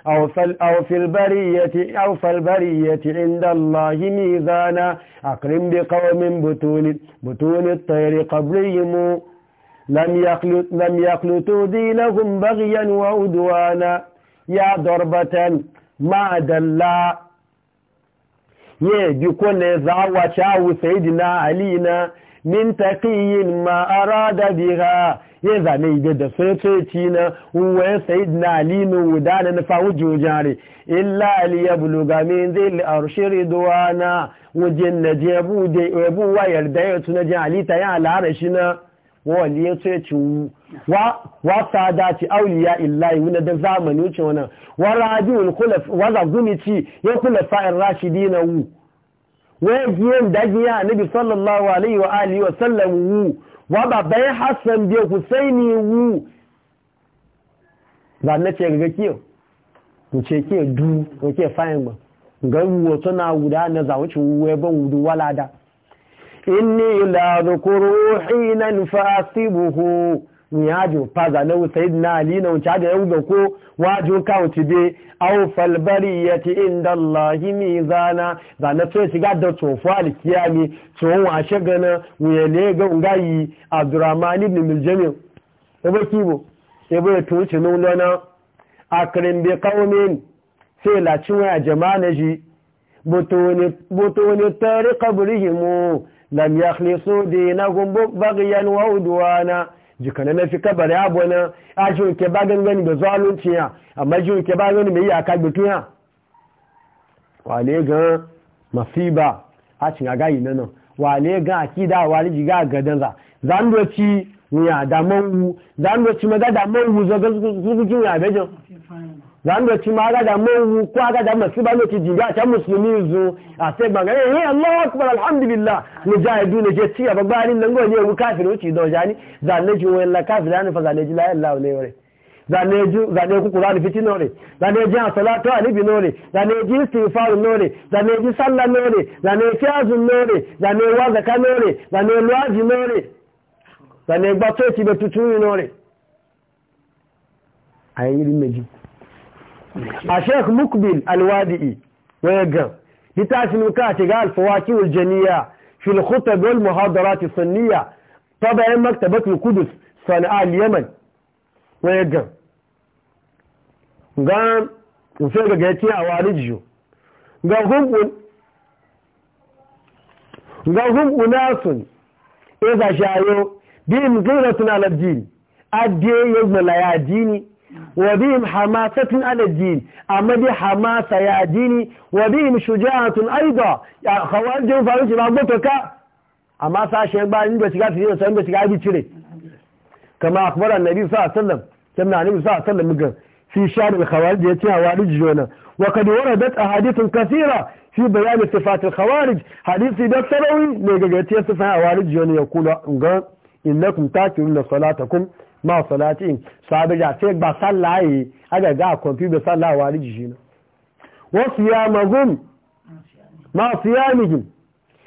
أو, أو في البرية أو في البرية عند الله ميزانا أقرم بقوم بطون, بطون الطير قبلهم لم يخلط لم يخلطوا دينهم بغيا وعدوانا يا ضربة ما دلا يجي كل زعوة شاو سيدنا علينا min taqiyin ma arada biha ya zane da da sojoci na uwe sayyidina ali no wuda na fa wujujare illa ali yabluga min zil arshi ridwana wujin najebu de ebu wa yarda ya tunaji ali ta ya alarashi na wawali ya ce ci wa sada ci auliya illahi wuna da zamani wuce wannan wa rajiul khulaf wa ci ya kula fa'in rashidina wu wa giyen dagiya nabi sallallahu alaihi wa alihi wa sallam wu wa babai hasan bi husaini wu ba na ce ga kiyo Ku ce kiyo du ko ke fayin ba ga wu to na wuda na zawuci wu ya ban wudu walada inni la dhukuru hinan fasibuhu ni ajo paza na sayyidina ali na uncha da yau ko wajo ka unci be aw fal bariyati inda allahi mizana da na to shiga da to fali kiyami to wa shagana we le ga ngayi abdurrahman ibn miljami ba, kibo ebo to ci no lona akrin bi qaumin sai la ci wa jama'a ji butuni butuni tariqa burihimu lam yakhlisu dinahum baghyan wa udwana jikana na fi kabari abona a shi nke ba gangan da zalunci ya amma shi nke ba gangan mai iyaka gbitu ya wale gan masiba a cin aga yi nanan wale gan akida wale jiga gadan za zandoci ya da manwu zandoci maza da manwu zo ga zuzukin ya bejin zanga ci ma gada mawu ko gada masu ba lokaci jiga ta musulmi zo a sai bangare eh, eh Allahu akbar alhamdulillah mujahidu ne je ci ba bayanin nan go ne mu kafir wuci da wajani zanne ji wala kafir ne fa zanne ji la ilaha ne wore zanne ji zanne ku qur'ani fitin wore zanne ji salatu alibi wore zanne ji istighfar wore zanne ji sallah wore zanne ji azun wore zanne wa zakat wore zanne luaji wore zanne ba to ci be tutu wore ayi rin meji a sheikh mukbil alwadi'i waya gan litashin ka ce ga alfawaki janiya fil khutab wal muhadarat sunniya ta bayan al kudus sana'a al yaman waya gan ga sai ga yace a warijo ga hukun ga hukunasun ya zashayo bi imziratun al-din adiye yajmala ya dini وبهم حماسة على الدين أما دي حماسة يا ديني وبهم شجاعة أيضا يا خوارج فاروس مغبطك أما ساشي أكبر إن بسيكا في دينة سوين بسيكا دي كما أخبر النبي صلى الله عليه وسلم كما النبي صلى الله عليه وسلم في شعر الخوارج يتيها وارج جونا وقد وردت أحاديث كثيرة في بيان صفات الخوارج حديث إذا سروي لقد يتيها صفات الخوارج جونا يقول إنكم تاكلون صلاتكم ma salati da sai ba sallaye aga ga kwamfi ba sallawa riji shi na wasu ya magun ma su ya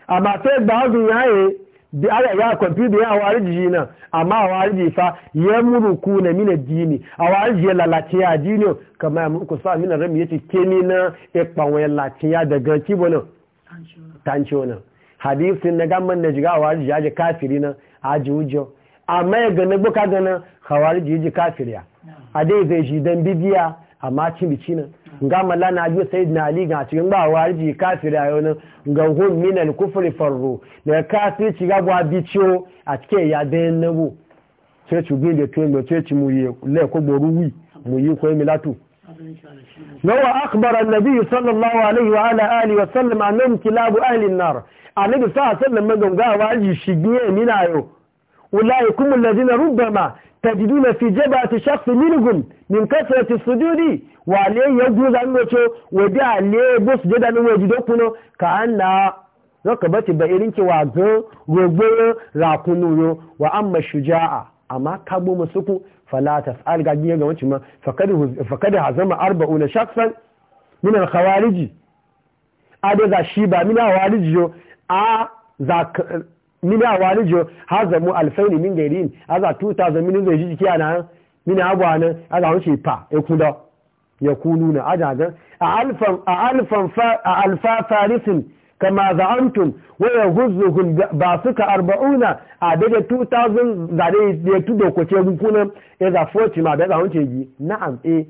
amma sai ba hazin yaye da aga ga kwamfi da ya wari jiji na amma a wari jifa ya ku na mina dini a wari jiya lalaciya dini kama ya muruku sa mina rami ya ce kemi na ikpanwa e ya lalaciya daga kibo na tancho na hadisin na gamban na jiga a wari jiya kafiri na aji wujo amma ya gane buka gane hawari jiji kafiriya a dai zai shi don bibiya amma cin bici nan mala na abu sai na ali ga cikin ba hawari jiji kafiriya yau nan ga hun minan kufuri farro ya kafin ci gaba biciyo a cikin ya dayan nabo sai ci gbe da tuyo mai ci mu yi laiko gboru wi mu yi kwai milatu nawa akbar annabi sallallahu alaihi wa ala alihi wa sallam annam kilabu ahli an-nar annabi sallallahu alaihi wa sallam ga hawari shigi ne na yau أولئكم الذين ربما تجدون في جبهة شخص منهم من كثرة السجود وعليه يجوز أن يقول ودي عليه بس جدا ويجدوكنا كأن ركبت بئرينك وعزو وغير راكنوه وأما الشجاعة أما كابو مسوكو فلا تسأل قاعدين يجب أن فقد هزم أربعون شخصا من الخوارج ذا شيبا من الخوارج a mini ha zamu alfaini min gari gairin haza 2000 mini zai ji jiki ana mini abuwa nan haza wuce fa ya e kuda ya kunu na ajajen a alfa farisin kama za'antum waya yaghuzzuhum ba suka arba'una a daga 2000 zare ya tu da kwace hukuna ya za 40 ma da za hunce yi na'am eh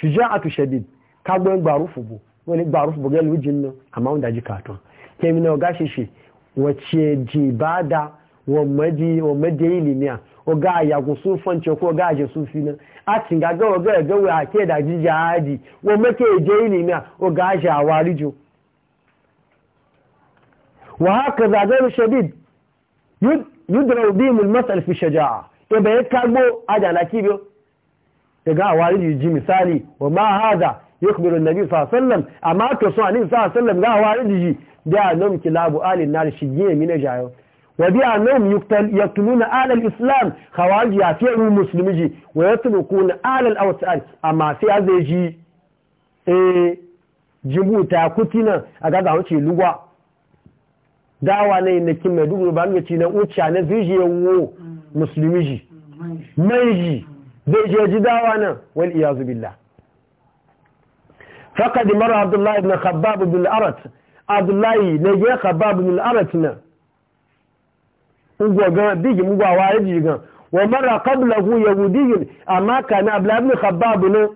shuja'atu shadid ka gwen barufu bu wani gbarufu bu ga lujin nan amma wanda ji katon kemina gashi shi wace ji wa maji wa maji ilimiya o ga ya ku sun fance ko ga je sun fina a tin ga ga ga ga wa ke da jihadi wa make je ilimiya o ga ja warijo wa haka za ga shadid yudraw bihim al-mas'al fi shaja'a to bai a kago ajala kibiyo daga awari ji misali wa ma hada yukbiru an-nabi sallallahu alaihi wasallam amma to so annabi sallallahu alaihi wasallam ga awari ji bi annahum kilabu alin nar shiye mina jayo wa bi annahum yaqtuluna ala islam khawarij ya fi muslimiji wa yatrukuna ala al-awtan amma sai azeji eh jibuta kutina aga ga wuce lugwa dawa ne na kin mai dubu ba ga na uciya na zijiye wo muslimiji maiji zai je ji dawa nan wal iyazu billah faqad mara abdullah ibn khabbab bil arat abdullahi na ya khabbab min aratina ugo ga digi mugwa wa yaji ga wa mara ya yahudi amma kana abdullahi ibn khabbab ne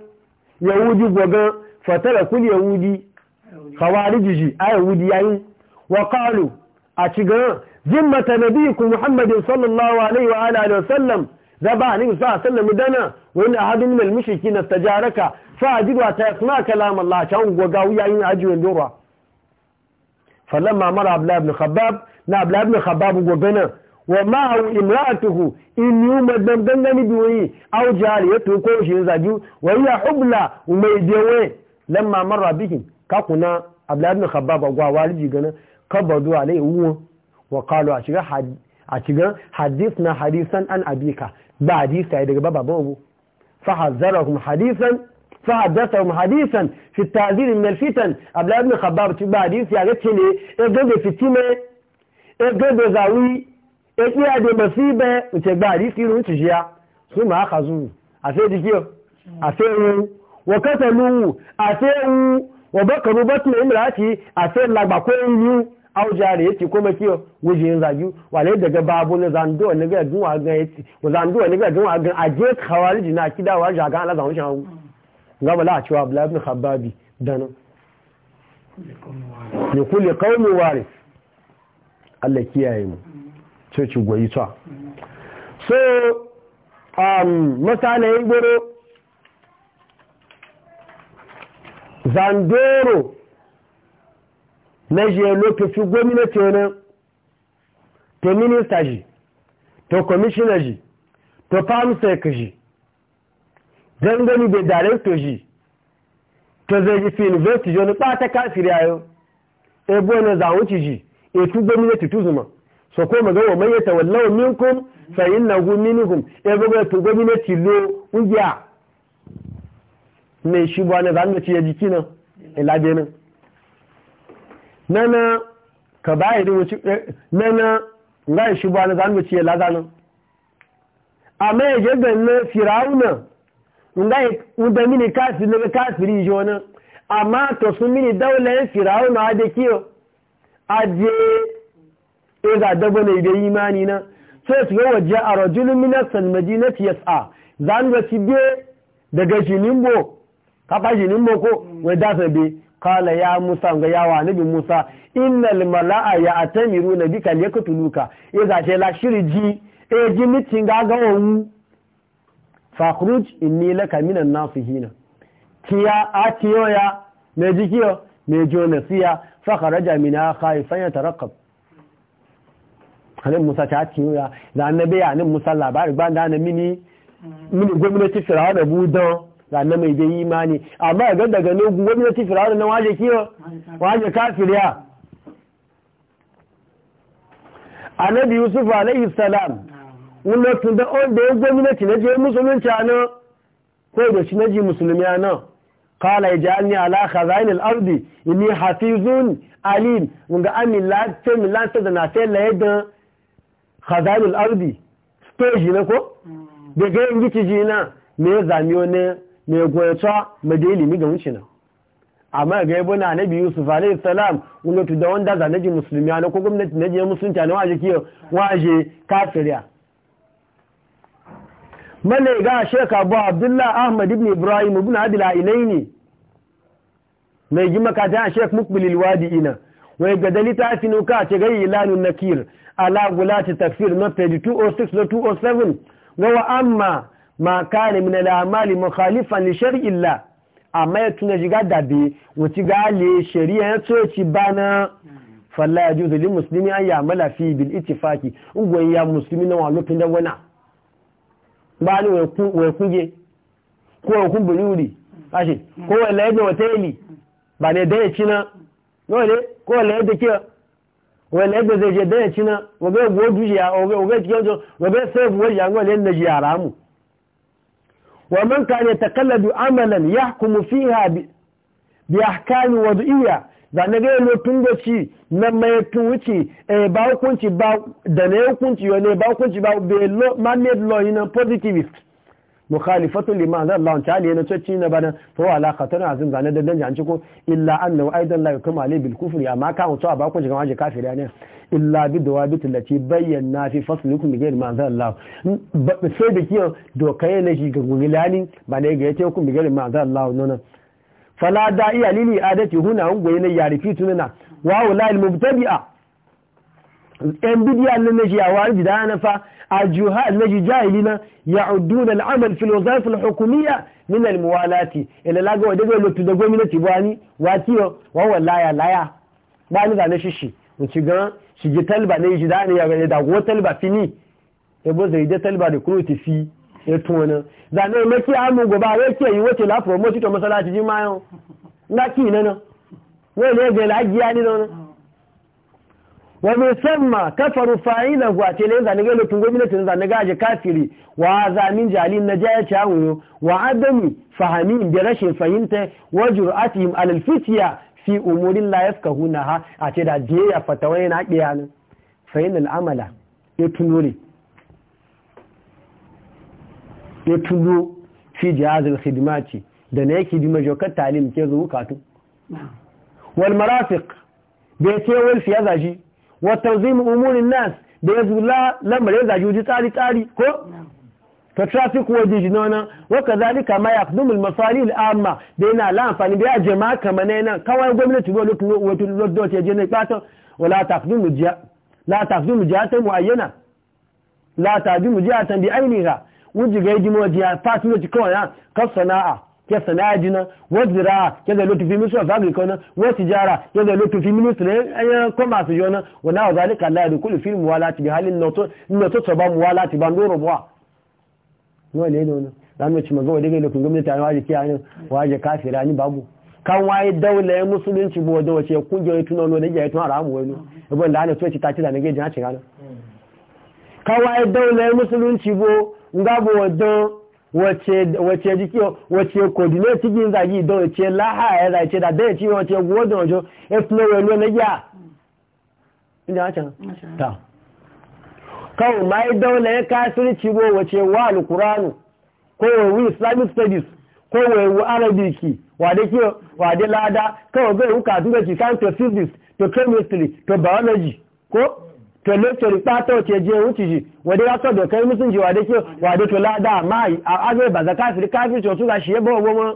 yahudi gwa ga fatara kul yahudi khawarijiji ay yahudi yayi wa qalu a ci ga zimmata nabiyikum muhammad sallallahu alaihi wa alihi wa sallam zaba ni sa sallam dana wani ahadin min al-mushrikin istajaraka fa ajibu ta yasma kalam allah ta ugo ga wuyayin ajiwen dora فلما مر عبد الله بن الخباب نا عبد الله بن الخباب وغنا ومعه امرأته إن يوم دمدمني بوي أو جاريته كوشي زاجو وهي حبلى وميدوي لما مر بهم كاكونا عبد الله بن الخباب وغوا والدي غنا كبدوا عليه هو وقالوا أشغى حد أشغى حديثنا حديثا عن أبيك بعد حديث daga bababu فحذرهم حديثا fahadathahum hadithan fi ta'zir min alfitan abla ibn khabbab ti ba hadithi age tele egege fitime egege zawi eki ade masibe nche ba hadithi ru tujia suma akhazu afe dikio afe ru wakata lu afe ru wabaka rubatu imrati afe lagbakwe ru aw jare yake kuma kiyo waje yin zaju wale daga babu ne ga dun wa ga yake zando ne ga dun wa ga aje khawali dina kidawa jaga ala zawo shan gaba la cewa abdullahi ibn da dan ne kulli qaumi waris Allah kiyaye mu coci ci goyi ta so um yin goro zandoro na je lokacin gwamnati ne to minista to commissioner to farm sec gangani da director shi to zai ji fi university jo ni ɓata kafiri a yau e ne na zawuci ji e tu ne gwamnati zuma? so ko maga wa mai tawallaw minkum fa innahu minhum ebo ga tu ne lo ugiya me shi bwana zan ci ya jiki nan ilabe e nan nana ka bayi da wuce nana ngai shi bwana zan ci ya lazana amma ya ga nan firauna ngai unda mini kafir ne kafiri jona amma to su mini daular firauna da kiyo aje eza dabo ne da imani na so su ga waje a rajulun minas almadinati yas'a zan ga ci daga jininbo ka ba jininbo ko mm. wai da sa be kala ya musa ga yawa nabi musa innal mala'a ya atamiruna bika liyaqtuluka eza ce la shirji e ji mitin ga ga owu fakhruj inni laka minan nasihina tiya atiyoya me jikiyo me jo jonasiya fa kharaja min khaifan yataraqab halin musa ta atiyoya da annabi ya nin musa labari ban da mini mini gwamnati firawa da budan da annabi mai dai imani amma ga daga ne gwamnati firawa da na waje kiyo waje kafiriya annabi yusuf alaihi salam tun da wanda ya gwamnati na je musulunci a nan ko da shi na ji musulmi a nan kala ya ji an yi alaka zainul ardi ni hafizun alim wunga amin lati milanta da na fela yadda hazainul ardi stoji na ko da ga yin gici ji na me zami wani me gwayata madaili ni ga wuce na amma ga yabo na annabi yusuf alayhi salam wunatu da wanda zanaji musulmi na ko gwamnati na je musulunci a nan waje kiyo waje kafiriya mane ga sheka abu abdullah ahmad ibn ibrahim ibn adila ilaini mai gima makata a shek mukbilil wadi ina wai ga dalita finuka ce ga ilanun nakir ala gulati takfir na page 206 na 207 gawa amma ma kane min al'amali mukhalifan li shar'illah amma ya tuna jiga dabe wuci gale shari'a ya ci bana falla ya juzu lil muslimi an ya'mala fi bil ittifaqi ugwan ya muslimi na wa lutun da wana ni wai kuje ko wai kun buri kashi ko wai yadda wata wateli ba ne daya cina ne ko wai la da kiya wai la da zai je daya cina wabe guwa dujiya wabe wabe kiyo jo wabe sai buwa ya ngwa len na ji mu wa man kana yataqalladu amalan yahkumu fiha bi ahkami wad'iyya Zane na gaya tun da ci na mai tuwuci e eh, ba hukunci ba da na hukunci yau ne ba hukunci ba be lo law yi na positivist mukhalifatun lima zan lawan ta aliyu na cocci na bana wa wala na azim zane da danji an ciko illa na aidan la yukma ali bil kufri amma ka mutu a bakun jigan waje kafiri ne illa bi dawabit bayan bayyana fi faslikum bi gari ma zan Allah sai da kiyo dokaye na shi ga gungulani ba ne ga ce hukum bi gari ma zan Allah nuna fala da'iya lili adati huna hungwaye na yarifi tunana wa ulal mubtadi'a yan bidiya nan naji a wari da na fa a juhal naji jahilina ya'uddun al'amal fil wazaif al hukumiyya min al ila laga wa daga lutu da gwamnati bani watiyo wa wallaya laya ni da na shishi mu ci gan shi ji talba ne ji da ne ya ga ya talba fini yabo zai da talba da kuruti fi ètò ọ̀nà ìdáná ẹmẹ́ kí a mú gbogbo àwẹ́ kí èyí wọ́tẹ̀ lápọ̀ mọ́ títọ̀ mọ́sálásí jí máa yàn ńlá kí ìnáná wọ́n ilé ẹgbẹ̀ lájíá nínú wọ́n mi sẹ́mà kẹfàrù fàáyínà wà ilé ìzànigẹ́ na jaya ẹ̀kẹ́ wa wà fahami dẹ́mi fàhàmí ìbẹ̀rẹ̀ṣẹ̀ fàyíntẹ́ wọ́n jùrọ̀ àti alìfíṣíà fi umarin layef kahuna ha a ce da fatawai na fahimtar amala ya tunore ya tulo fi jihazin khidimati da na yake dima jokar talim ke zuwa katu wal marafiq da ya ce wal ya zaji wa tanzim umurin nas da ya zula lamar ya zaji uji tsari tsari ko ta traffic waje jinona wa kazalika ma yaqdumul masalih al-amma da yana la amfani da jama'a kamar nan kawai gwamnati ba lokacin wato lokacin je ne fata wala taqdumu jiya la taqdumu jihatan muayyana la taqdumu jihatan bi ainiha wuji ga yi wajiya fasu da kawai ya kan sana'a ke sana'a jina a ke da lotufi ministry of agriculture wa tijara ke da lotufi ministry ayan commerce jona wa na zalika la da kullu film wala ti halin noto noto to ba wala ti ban doro no ne no mu ci magawa daga lokacin gwamnati ta waje ke ayin waje kafira ni babu kan waye daula musulunci bo da wace kungiyar tunano da ya tuna ramu wani ibn da ana so ci ta ci da nage jin hacin hmm. kan waye daula musulunci bu. ngabo wadan wace jikiyo wace coordinate jin zagi don wace laha ya zai ce da dai ci wace wadda wajo ya fi welo na giya inda wancan ta kawo mai daula ya kasirci bo wace wa alkuranu ko wa islamic studies ko wa wa arabiki wade kiyo wade lada kawo bai hukatu da science to physics to chemistry to biology ko to lecture pato ce je wuce ji wade ya sodo kai musun ji wade ke wade to lada ma a azo ba zaka fi kafi to su gashi yabo goma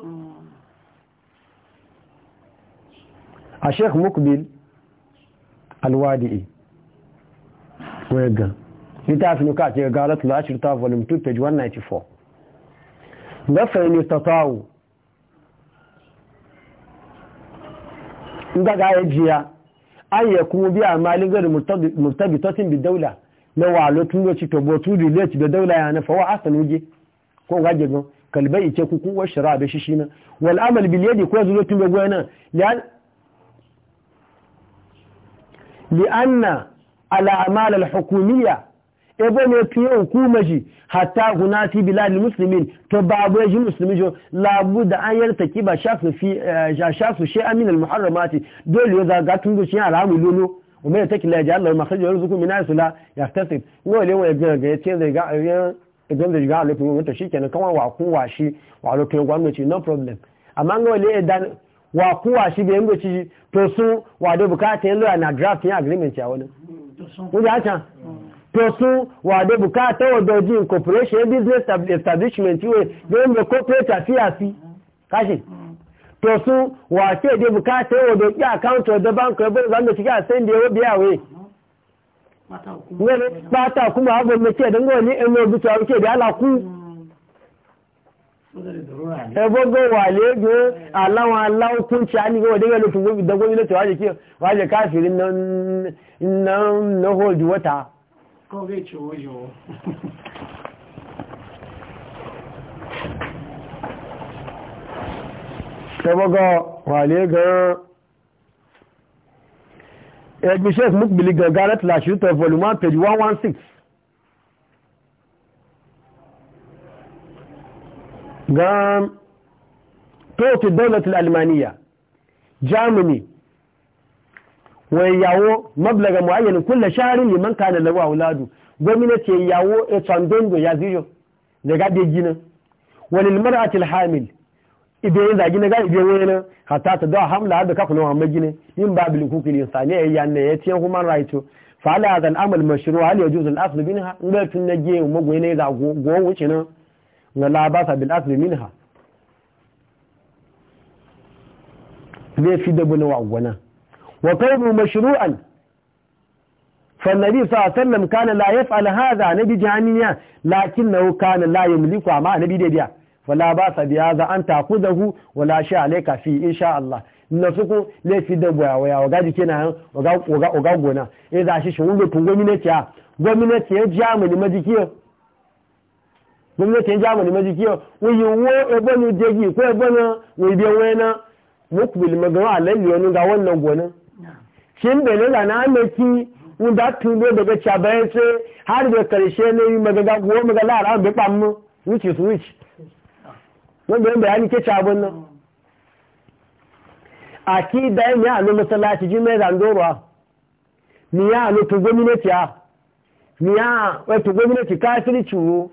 a sheikh mukbil alwadi'i wega litafi nuka ce galatul ashir ta volume 2 page 194 da ni tatawu ndaga ejiya an ya kuma biya malin gari murtabitotin bi daula na walo tun yaci to botu relate da daula ya nafa wa asan wuje ko gaje gan kalbai ice ku wa shira da shishina. shina wal amal bil yadi ko zulo tun goyen nan li anna ala amal al hukumiyya ebe ne fiye hukuma shi hatta guna fi biladil musulmin to babu ya ji musulmi jo labu da an yarta ki ba shafu shi amin al-muharramati dole ya zaga tun da shi haramu lolo umar ya taki laji allah makar jawar zuku mina sula ya tasir ngo le wa ga ga ce zai ga idan da ga alofin wata shi kenan kawai wa ku wa shi wa alofin gwamnati no problem amma ngo le dan wa ku wa shi bai ngoci to su wa da bukata yin lura na draft yin agreement ya wani. Kun ji haka? Mm. to su wade bukata wa doji incorporation business establishment yiwe don da corporate affairs kashi to su wace da bukata wa doji account of the bank ya bai zanda shiga send yawo biyawe pata kuma abu mai ce don gani in mai buta wuce da alaku ebogo e wale go alawan alawan kunci ani go daga lufin da gwamnati waje ke waje kafirin na nan na hold water 各位球友。ṣẹwọ́gọ́ wà lè gan-an ẹgbẹ́ sheik mukbili gangan láti làṣírítọ̀ volume 1 page 116 gan tó ti dọ́lọ̀tì alimaniya germany yawo mablaga muayyanin kullu sharin liman kana lahu auladu gwamnati yawo e tsandondo ya ziyo da de gina walil mar'atil hamil ibe zagi gina ga ibe na hatta ta da hamla da wa amma gina in babil hukukil insaniya ya ne ya tiyan human rights fa la zan amal mashru' hal yajuz al-asl minha ngal tun nage magwai ne da go wuce na na labasa bil asl minha zai fi da bune wa gwana وقوم مشروعا فالنبي صلى الله عليه وسلم كان لا يفعل هذا نبي جهنمية لكنه كان لا يملك مع نبي ديديا فلا باس بهذا أن تأخذه ولا شيء عليك فيه إن شاء الله nasuku laifi da buyawa waga jike na waga gona ya eh, za shi shigun lutun gwamnati ya gwamnati ya jamani majikiyo gwamnati ya jamani majikiyo wuyi wo ebonu jegi ko ebonu wuyi biyan wena mukbil magana alalli wani ga wannan gonan shin bele da na meki da tuno daga cabayan sai har da karshe ne yi magaga guwa magaga lara bai mu, wuce su wuce wanda yin bayani ke cabon nan a ki da a ya alo masallaci ji mai zandorwa ni ya alo tu gwamnati ya ni ya wato gwamnati kafin ciwo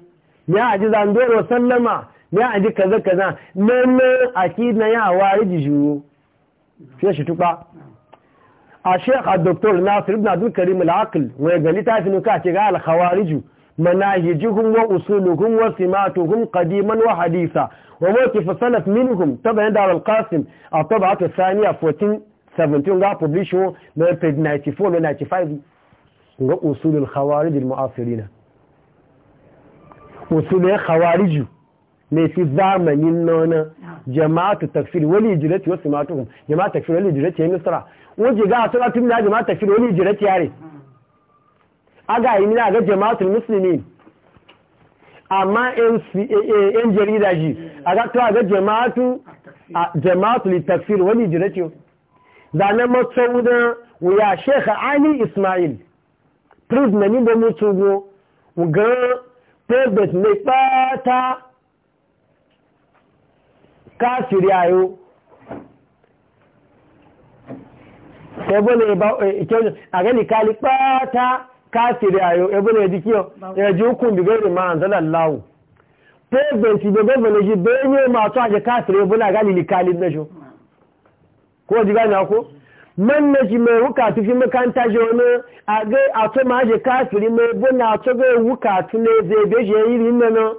ni ya ji zandorwa sallama ni ya ji kaza kaza nan ne a ki na ya wari jijiyo fiye shi tuba a sheikh a doktor nasir ibn abdul karim al-aql wai ga littafin ka ce ga al-khawariju manahijihum wa usuluhum wa simatuhum qadiman wa hadisa wa mawqif salaf minhum a tabatu ga 94 na 95 ga usulul khawarij al-mu'asirin usulul ne fi zamanin nona jama'atu takfir wal hijrati wa simatuhum jama'atu tafsir wali jirati ya misra wuji ga asura tun da jama'a tafi da wani jira tiyare aga yi mina ga jama'atul musulmi amma yan jarida ji a ga tuwa ga jama'atul tafsir wani jira da zanen matsau da wuya shekha ali ismail prince na nimbo mutu go ga pebet mai fata kafir yayo ebole e, agani kali pata kafiri ayo ebole dikio eji hukun bigari ma anzala Allah pavement be government ji benye ma to aje kafiri ebole likali nejo ko diga na ko man na ji mai wuka tu fi makanta je wani a ga a to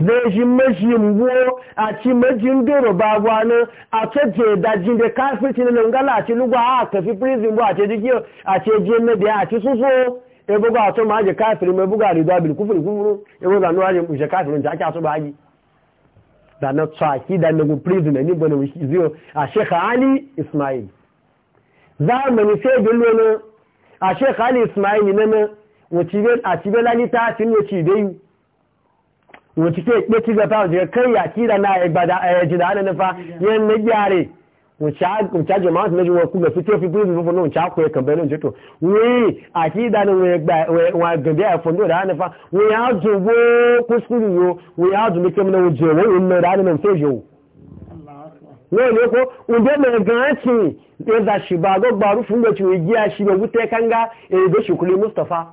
zai shi mashin buwo a ci majin doro ba gwanin a cece dajin da kafirci na lungala a ci lugwa a tafi prison bu a ce jikiyo a ce jiyan na biya a ci soso e ya buga a to ma haji kafirin mai buga rido bil kufur kumuru ya buga nuna haji buje kafirin ta ake asu ba haji da na tsaki da na prison da ni bane wishi ziyo a shekha ali ismail zamani sai dole a shekha ali ismail ne na a lalita ta fi ne cibeyu wacce ke ɗe ci gata wacce kai ya kira na ya gbada a eh, yaji da hannun nufa yan na gyare wacce jama'a su naji waku ga su tofi buzi na wacce akwai kan bayanin jito wai a kira na wa a fundo da hannun nufa wai ya zubo kuskuri yo wai ya zubo kemna wuje wai in mai ranar na sai yau wai ne ko ube mai ganci ya za shi ba gogba rufin da ciwo giya shi da wuta kanga ya eh, mustapha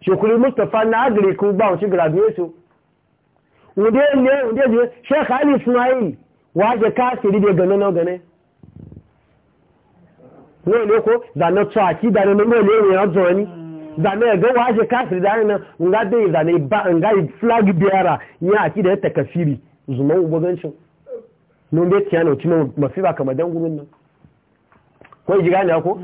shukuri mustapha na agriku ba wacce graduate wunde ne wunde je sheikh ali ismail waje kafiri da gane na gane ne ne ko zane tsaki da ne ne ne ya zo ni zane wa waje kafiri da ne nga dai zane ba nga flag bearer ya aki da takafiri zuman ubogancin nun bai tiyana uci mafi ba kamar dan gumin nan ko ji gane ko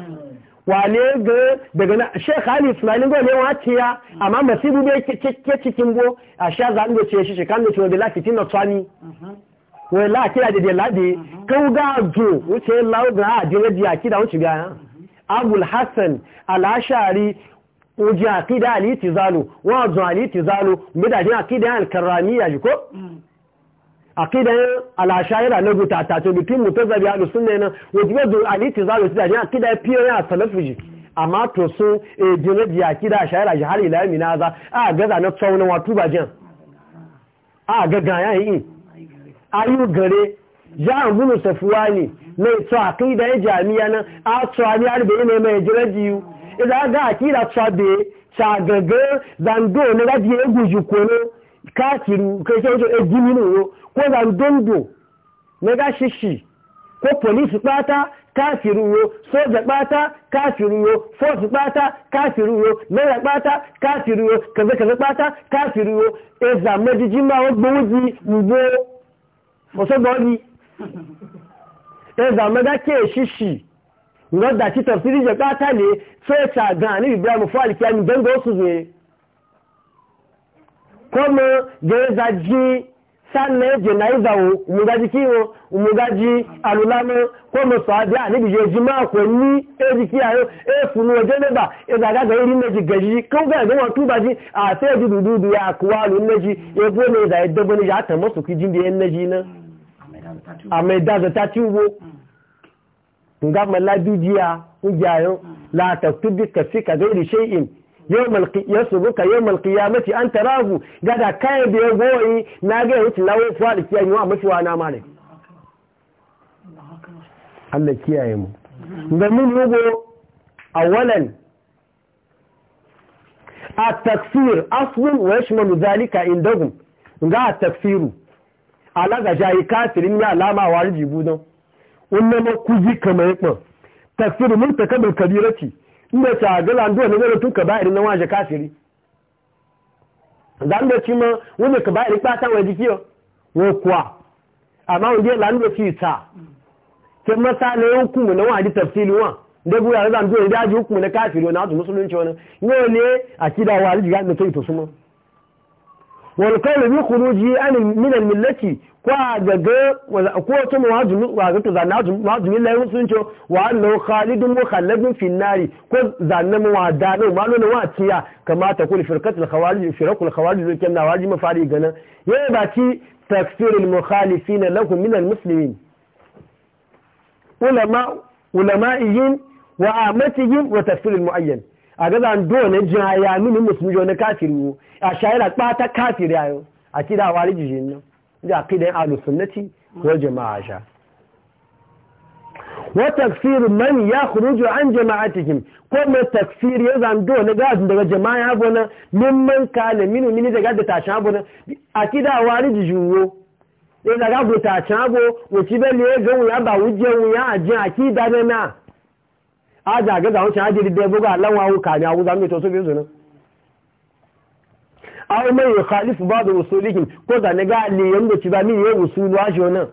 wane ga daga na shekha ne fulani ga ne wace ya amma masibu bai kike cikin bo a sha za inda ce shi shekaru da cewa da lafitin na tsani mhm. wai lati ya dade lade mhm. kan ga jo wuce lawo ga a jira da kida wuce ga mhm. abul hasan al-ashari uji aqida al-itizalo wa zo al-itizalo bidaje aqida al-karramiyya ko akidan alashayira na guta ta ce bikin mu ta zabi a lusun ne nan wajen yadda aliti za su tashi akidan fiye ya salafuji amma to sun ejina jiya kida shayira na watu ba a gaga ya yi ayu gare ya gunu safuwa ne mai tso akidan jami'a nan a tsohani arba'in ne mai jira jiyu idan akida tsobe tsagaga zando na gaji ya guji kono kakiru kai ko zandondo na gashishi ko polisi bata kafiru yo soja bata kafiru yo force bata kafiru yo naira bata kafiru yo kaza kaza bata kafiru yo eza mejiji ma won gbowoji ngbo osogbo ni eza mega ke shishi ngo da ti tafsiri je bata le soja e gan ni ibrahim fo alikiani bengo osuwe komo geza ji sannan na wo umugaji kiwo umugaji alulamo ko mo so abi ani bi yeji ma ko ni eji ki ayo e funu oje leba e daga ga iri meji gaji kan ga ni won tuba ji a se ju dudu du ya kwa lu meji e bo ne da e dobo ni ya tan mo su ki jindi en meji na ameda da tati wo nga mala bidiya ujayo la taktubi kafika gairi shay'in yasubuka yawmal qiyamati an tarahu gada kai da ya goyi na ga wuce lawo da kiyaye wa mashi wana mare Allah kiyaye mu ga mun yugo awalan at-takfir aslun wa yashmalu zalika indahum ga at-takfiru ala ga jayi kafirin ya alama wajibu don wannan kuzi kama kamar yakon takfir mun ta takabul kabirati inda ci a dala ndo ne gano tun ka ba irin na waje kafiri zan da ci ma wani ka ba irin kpata wa jikiyo wa kuwa amma wanda zan da ci ta ke masa na hukumu na waje tafsiri wa da guya zan da ji hukumu na kafiri wani azu musulunci wani yau ne a kida wa aljiga mai kai to su walƙalibi kuruji minan millaki ko a daga kowace mawa jimila yin sunco wa annan khalidun mukhallabin finnari ko zanen mawa dano ma nuna wa tiya kamata kuli firkatul khawarij firakul khawarij zai na waji mafari ganin yayin ba ci tafsirin mukhalifi na lahun minan musulmin ulama iyin wa amatiyin wa tafsirin mu'ayyan a ga zan do ne jin haya mini musulmi jo na kafiri wo a shayira kpata kafiri ayo a kida wari jijin nan da akidan ahlus sunnati ko jama'a sha wa takfir man yakhruju an jama'atihim ko mai takfir ya zando na gazin daga jama'a ya bona mimman kale minu mini daga da tashin abona akida wari wo ya daga go tashin abo wuci bele ya ga wuya ba wuje wuya a ajin akida na na aja ga zawon shi hajjiri da buga lawa wuka ne abu zamu to so bi zunan aw mai yukhalifu ba'd usulihim ko da ne ga li yanda ci ba ni ye usulu ajo nan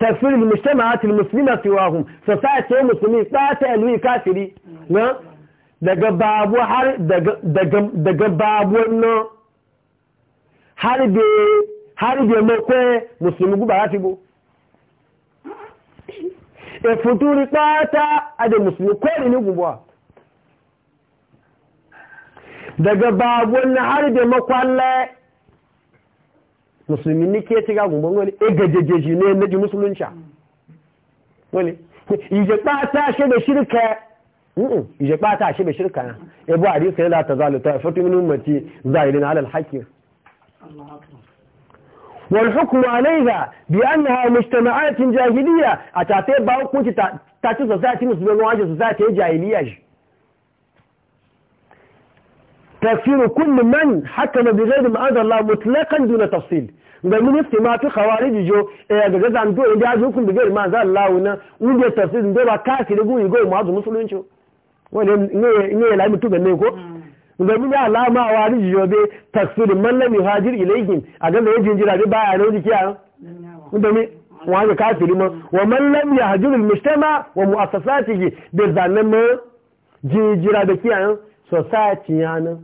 tafsir al-mujtama'at al-muslima siwahum society muslimi tsata alwi kafiri na daga babu har daga daga babu wannan har be har be mokwe muslimi gubarati bo efuturi ɓata a da musulmi ko ni daga babon na har da makwalle musulmi ni ke tiga gumbon wani egajejeji ne na ji musulunca wani ije ɓata shi da shirka ije ɓata na ebu yana ta zaluta fatu والحكم عليها بأنها مجتمعات جاهلية أتعطي باوكو تاتي سوساتي مسلمين واجه سوساتي جاهلية تفسير كل من حكم بغير ما أنزل الله مطلقا دون تفصيل domin istimatu khawarij jo eh daga zan do inda azu kun bigar ma za Allah wuna unde tafsir ndo ba kafiri go go ma musulunci wani ne ne la mutu ne ko da mini alama a wani jiyo be tafsirin mallam yuhajir ilaihim a ga da jin jira be a nan jikiya da domin wani kafiri ma wa mallam yahjur almujtama wa muassasatihi da zanen ma jira da kiya society yana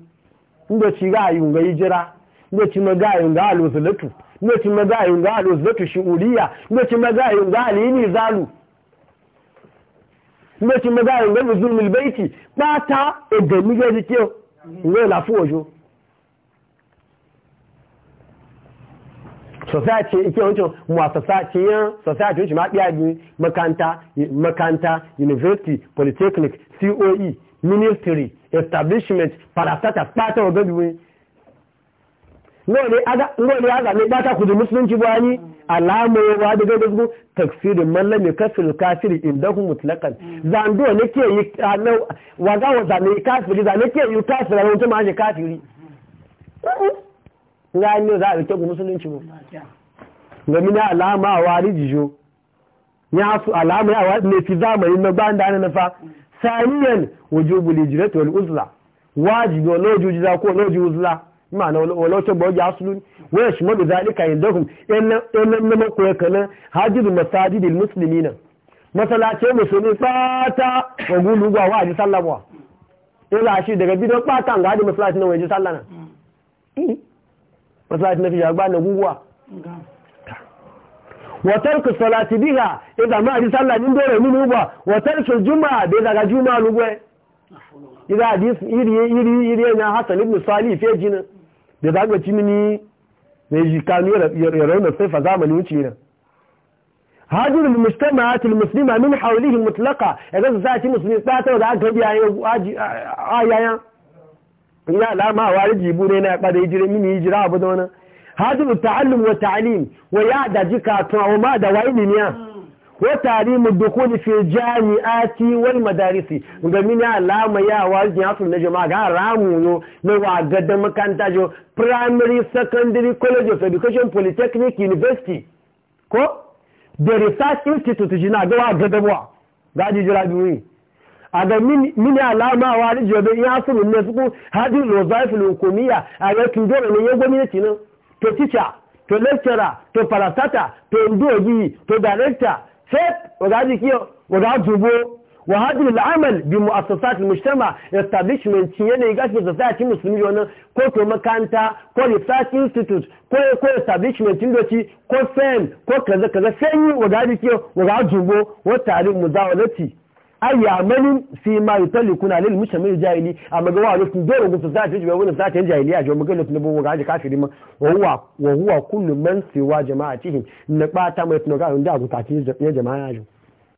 inda ci ga yun yi jira inda ci ma ga yun ga alusulatu inda ci ma ga a ga shi uriya inda ci ma ga yun ga alini zalu inda ci ma ga yun ga zulmul baiti ba da e mi ga jikin ìwé ìlàfú òjò society ike wancan muwa society yan society wancan ma ɗiya biyu makanta makanta university polytechnic coe ministry establishment parastata pata wa gabi wani ngole aga ngole aga ne bata kudu musulunci bani alamu wa da gabi tafsirin mallam ya kafin kafiri inda hun mutlakan zando ne ke yi ah, waga wa zane kafiri zane ke yi kafiri wani ma shi kafiri nga yi za a rike ku musulunci mu gami na alama a wari jijo ya su alama ya wari ne fi zamani na ba da na nafa. saniyan wajibul hijrat wal uzla wajibi wa lojuji za ko lojuji uzla ma'ana walau ta bauji asulun wani shi madu zalika yin dakum yan na makoya kanan hajjir masajidil musulmi nan masalace musulmi fata wa gulu gwa wa aji sallamuwa ila shi daga bidan fata ga hajji masalaci na waje sallana masalaci na fi jagba na guguwa watar ku salati biha idan ma aji sallamin dole min uba watar ku juma'a bai daga juma'a lugwe idan hadis iri iri iri na hasan ibn salih fiye jinin da za ga ci mini mai jikanu ya rauna sai fa zamani wuce nan hajjul mujtama'at almuslima min hawlihi mutlaqa idan za ci musulmi tsata da aka biya ayayan ya alama bu ne na kada hijira mini hijira abu da wannan hajjul ta'allum wa ta'lim wa ya da jikatu wa ma da wa ilmiya wa tarimu dukuli fi jami'ati wal madarisi ga mini alama ya wajin asu na jama'a ga ramu yo na wa gadan makanta jo primary secondary college of education polytechnic university ko the research institute jina ga wa gadan wa ga ji jira wi a ga mini alama wa ri jo be ya su ne su hadin rozaifu hukumiya a ga tudore ne ya gwamnati nan to teacher to lecturer to parastata to ndoji to director sai waga jiki waga jubo wa hadhihi al'amal bi mu'assasat al-mujtama establishment ci yana ga shi society musulmi wannan ko to makanta ko research institute ko e ko establishment indoci ko fem ko kaza kaza sai waga jiki waga jubo wa tarin muzawalati ai ya fi ma yutali kuna lil mushamil jahili a magawa wa lokacin dole gusa za ta jibe wani za ta jahili a jama'a lokacin da bugu gaji kafiri ma wa huwa wa huwa kullu man siwa jama'atihim na bata mai tunaga da guta ta jama'a ya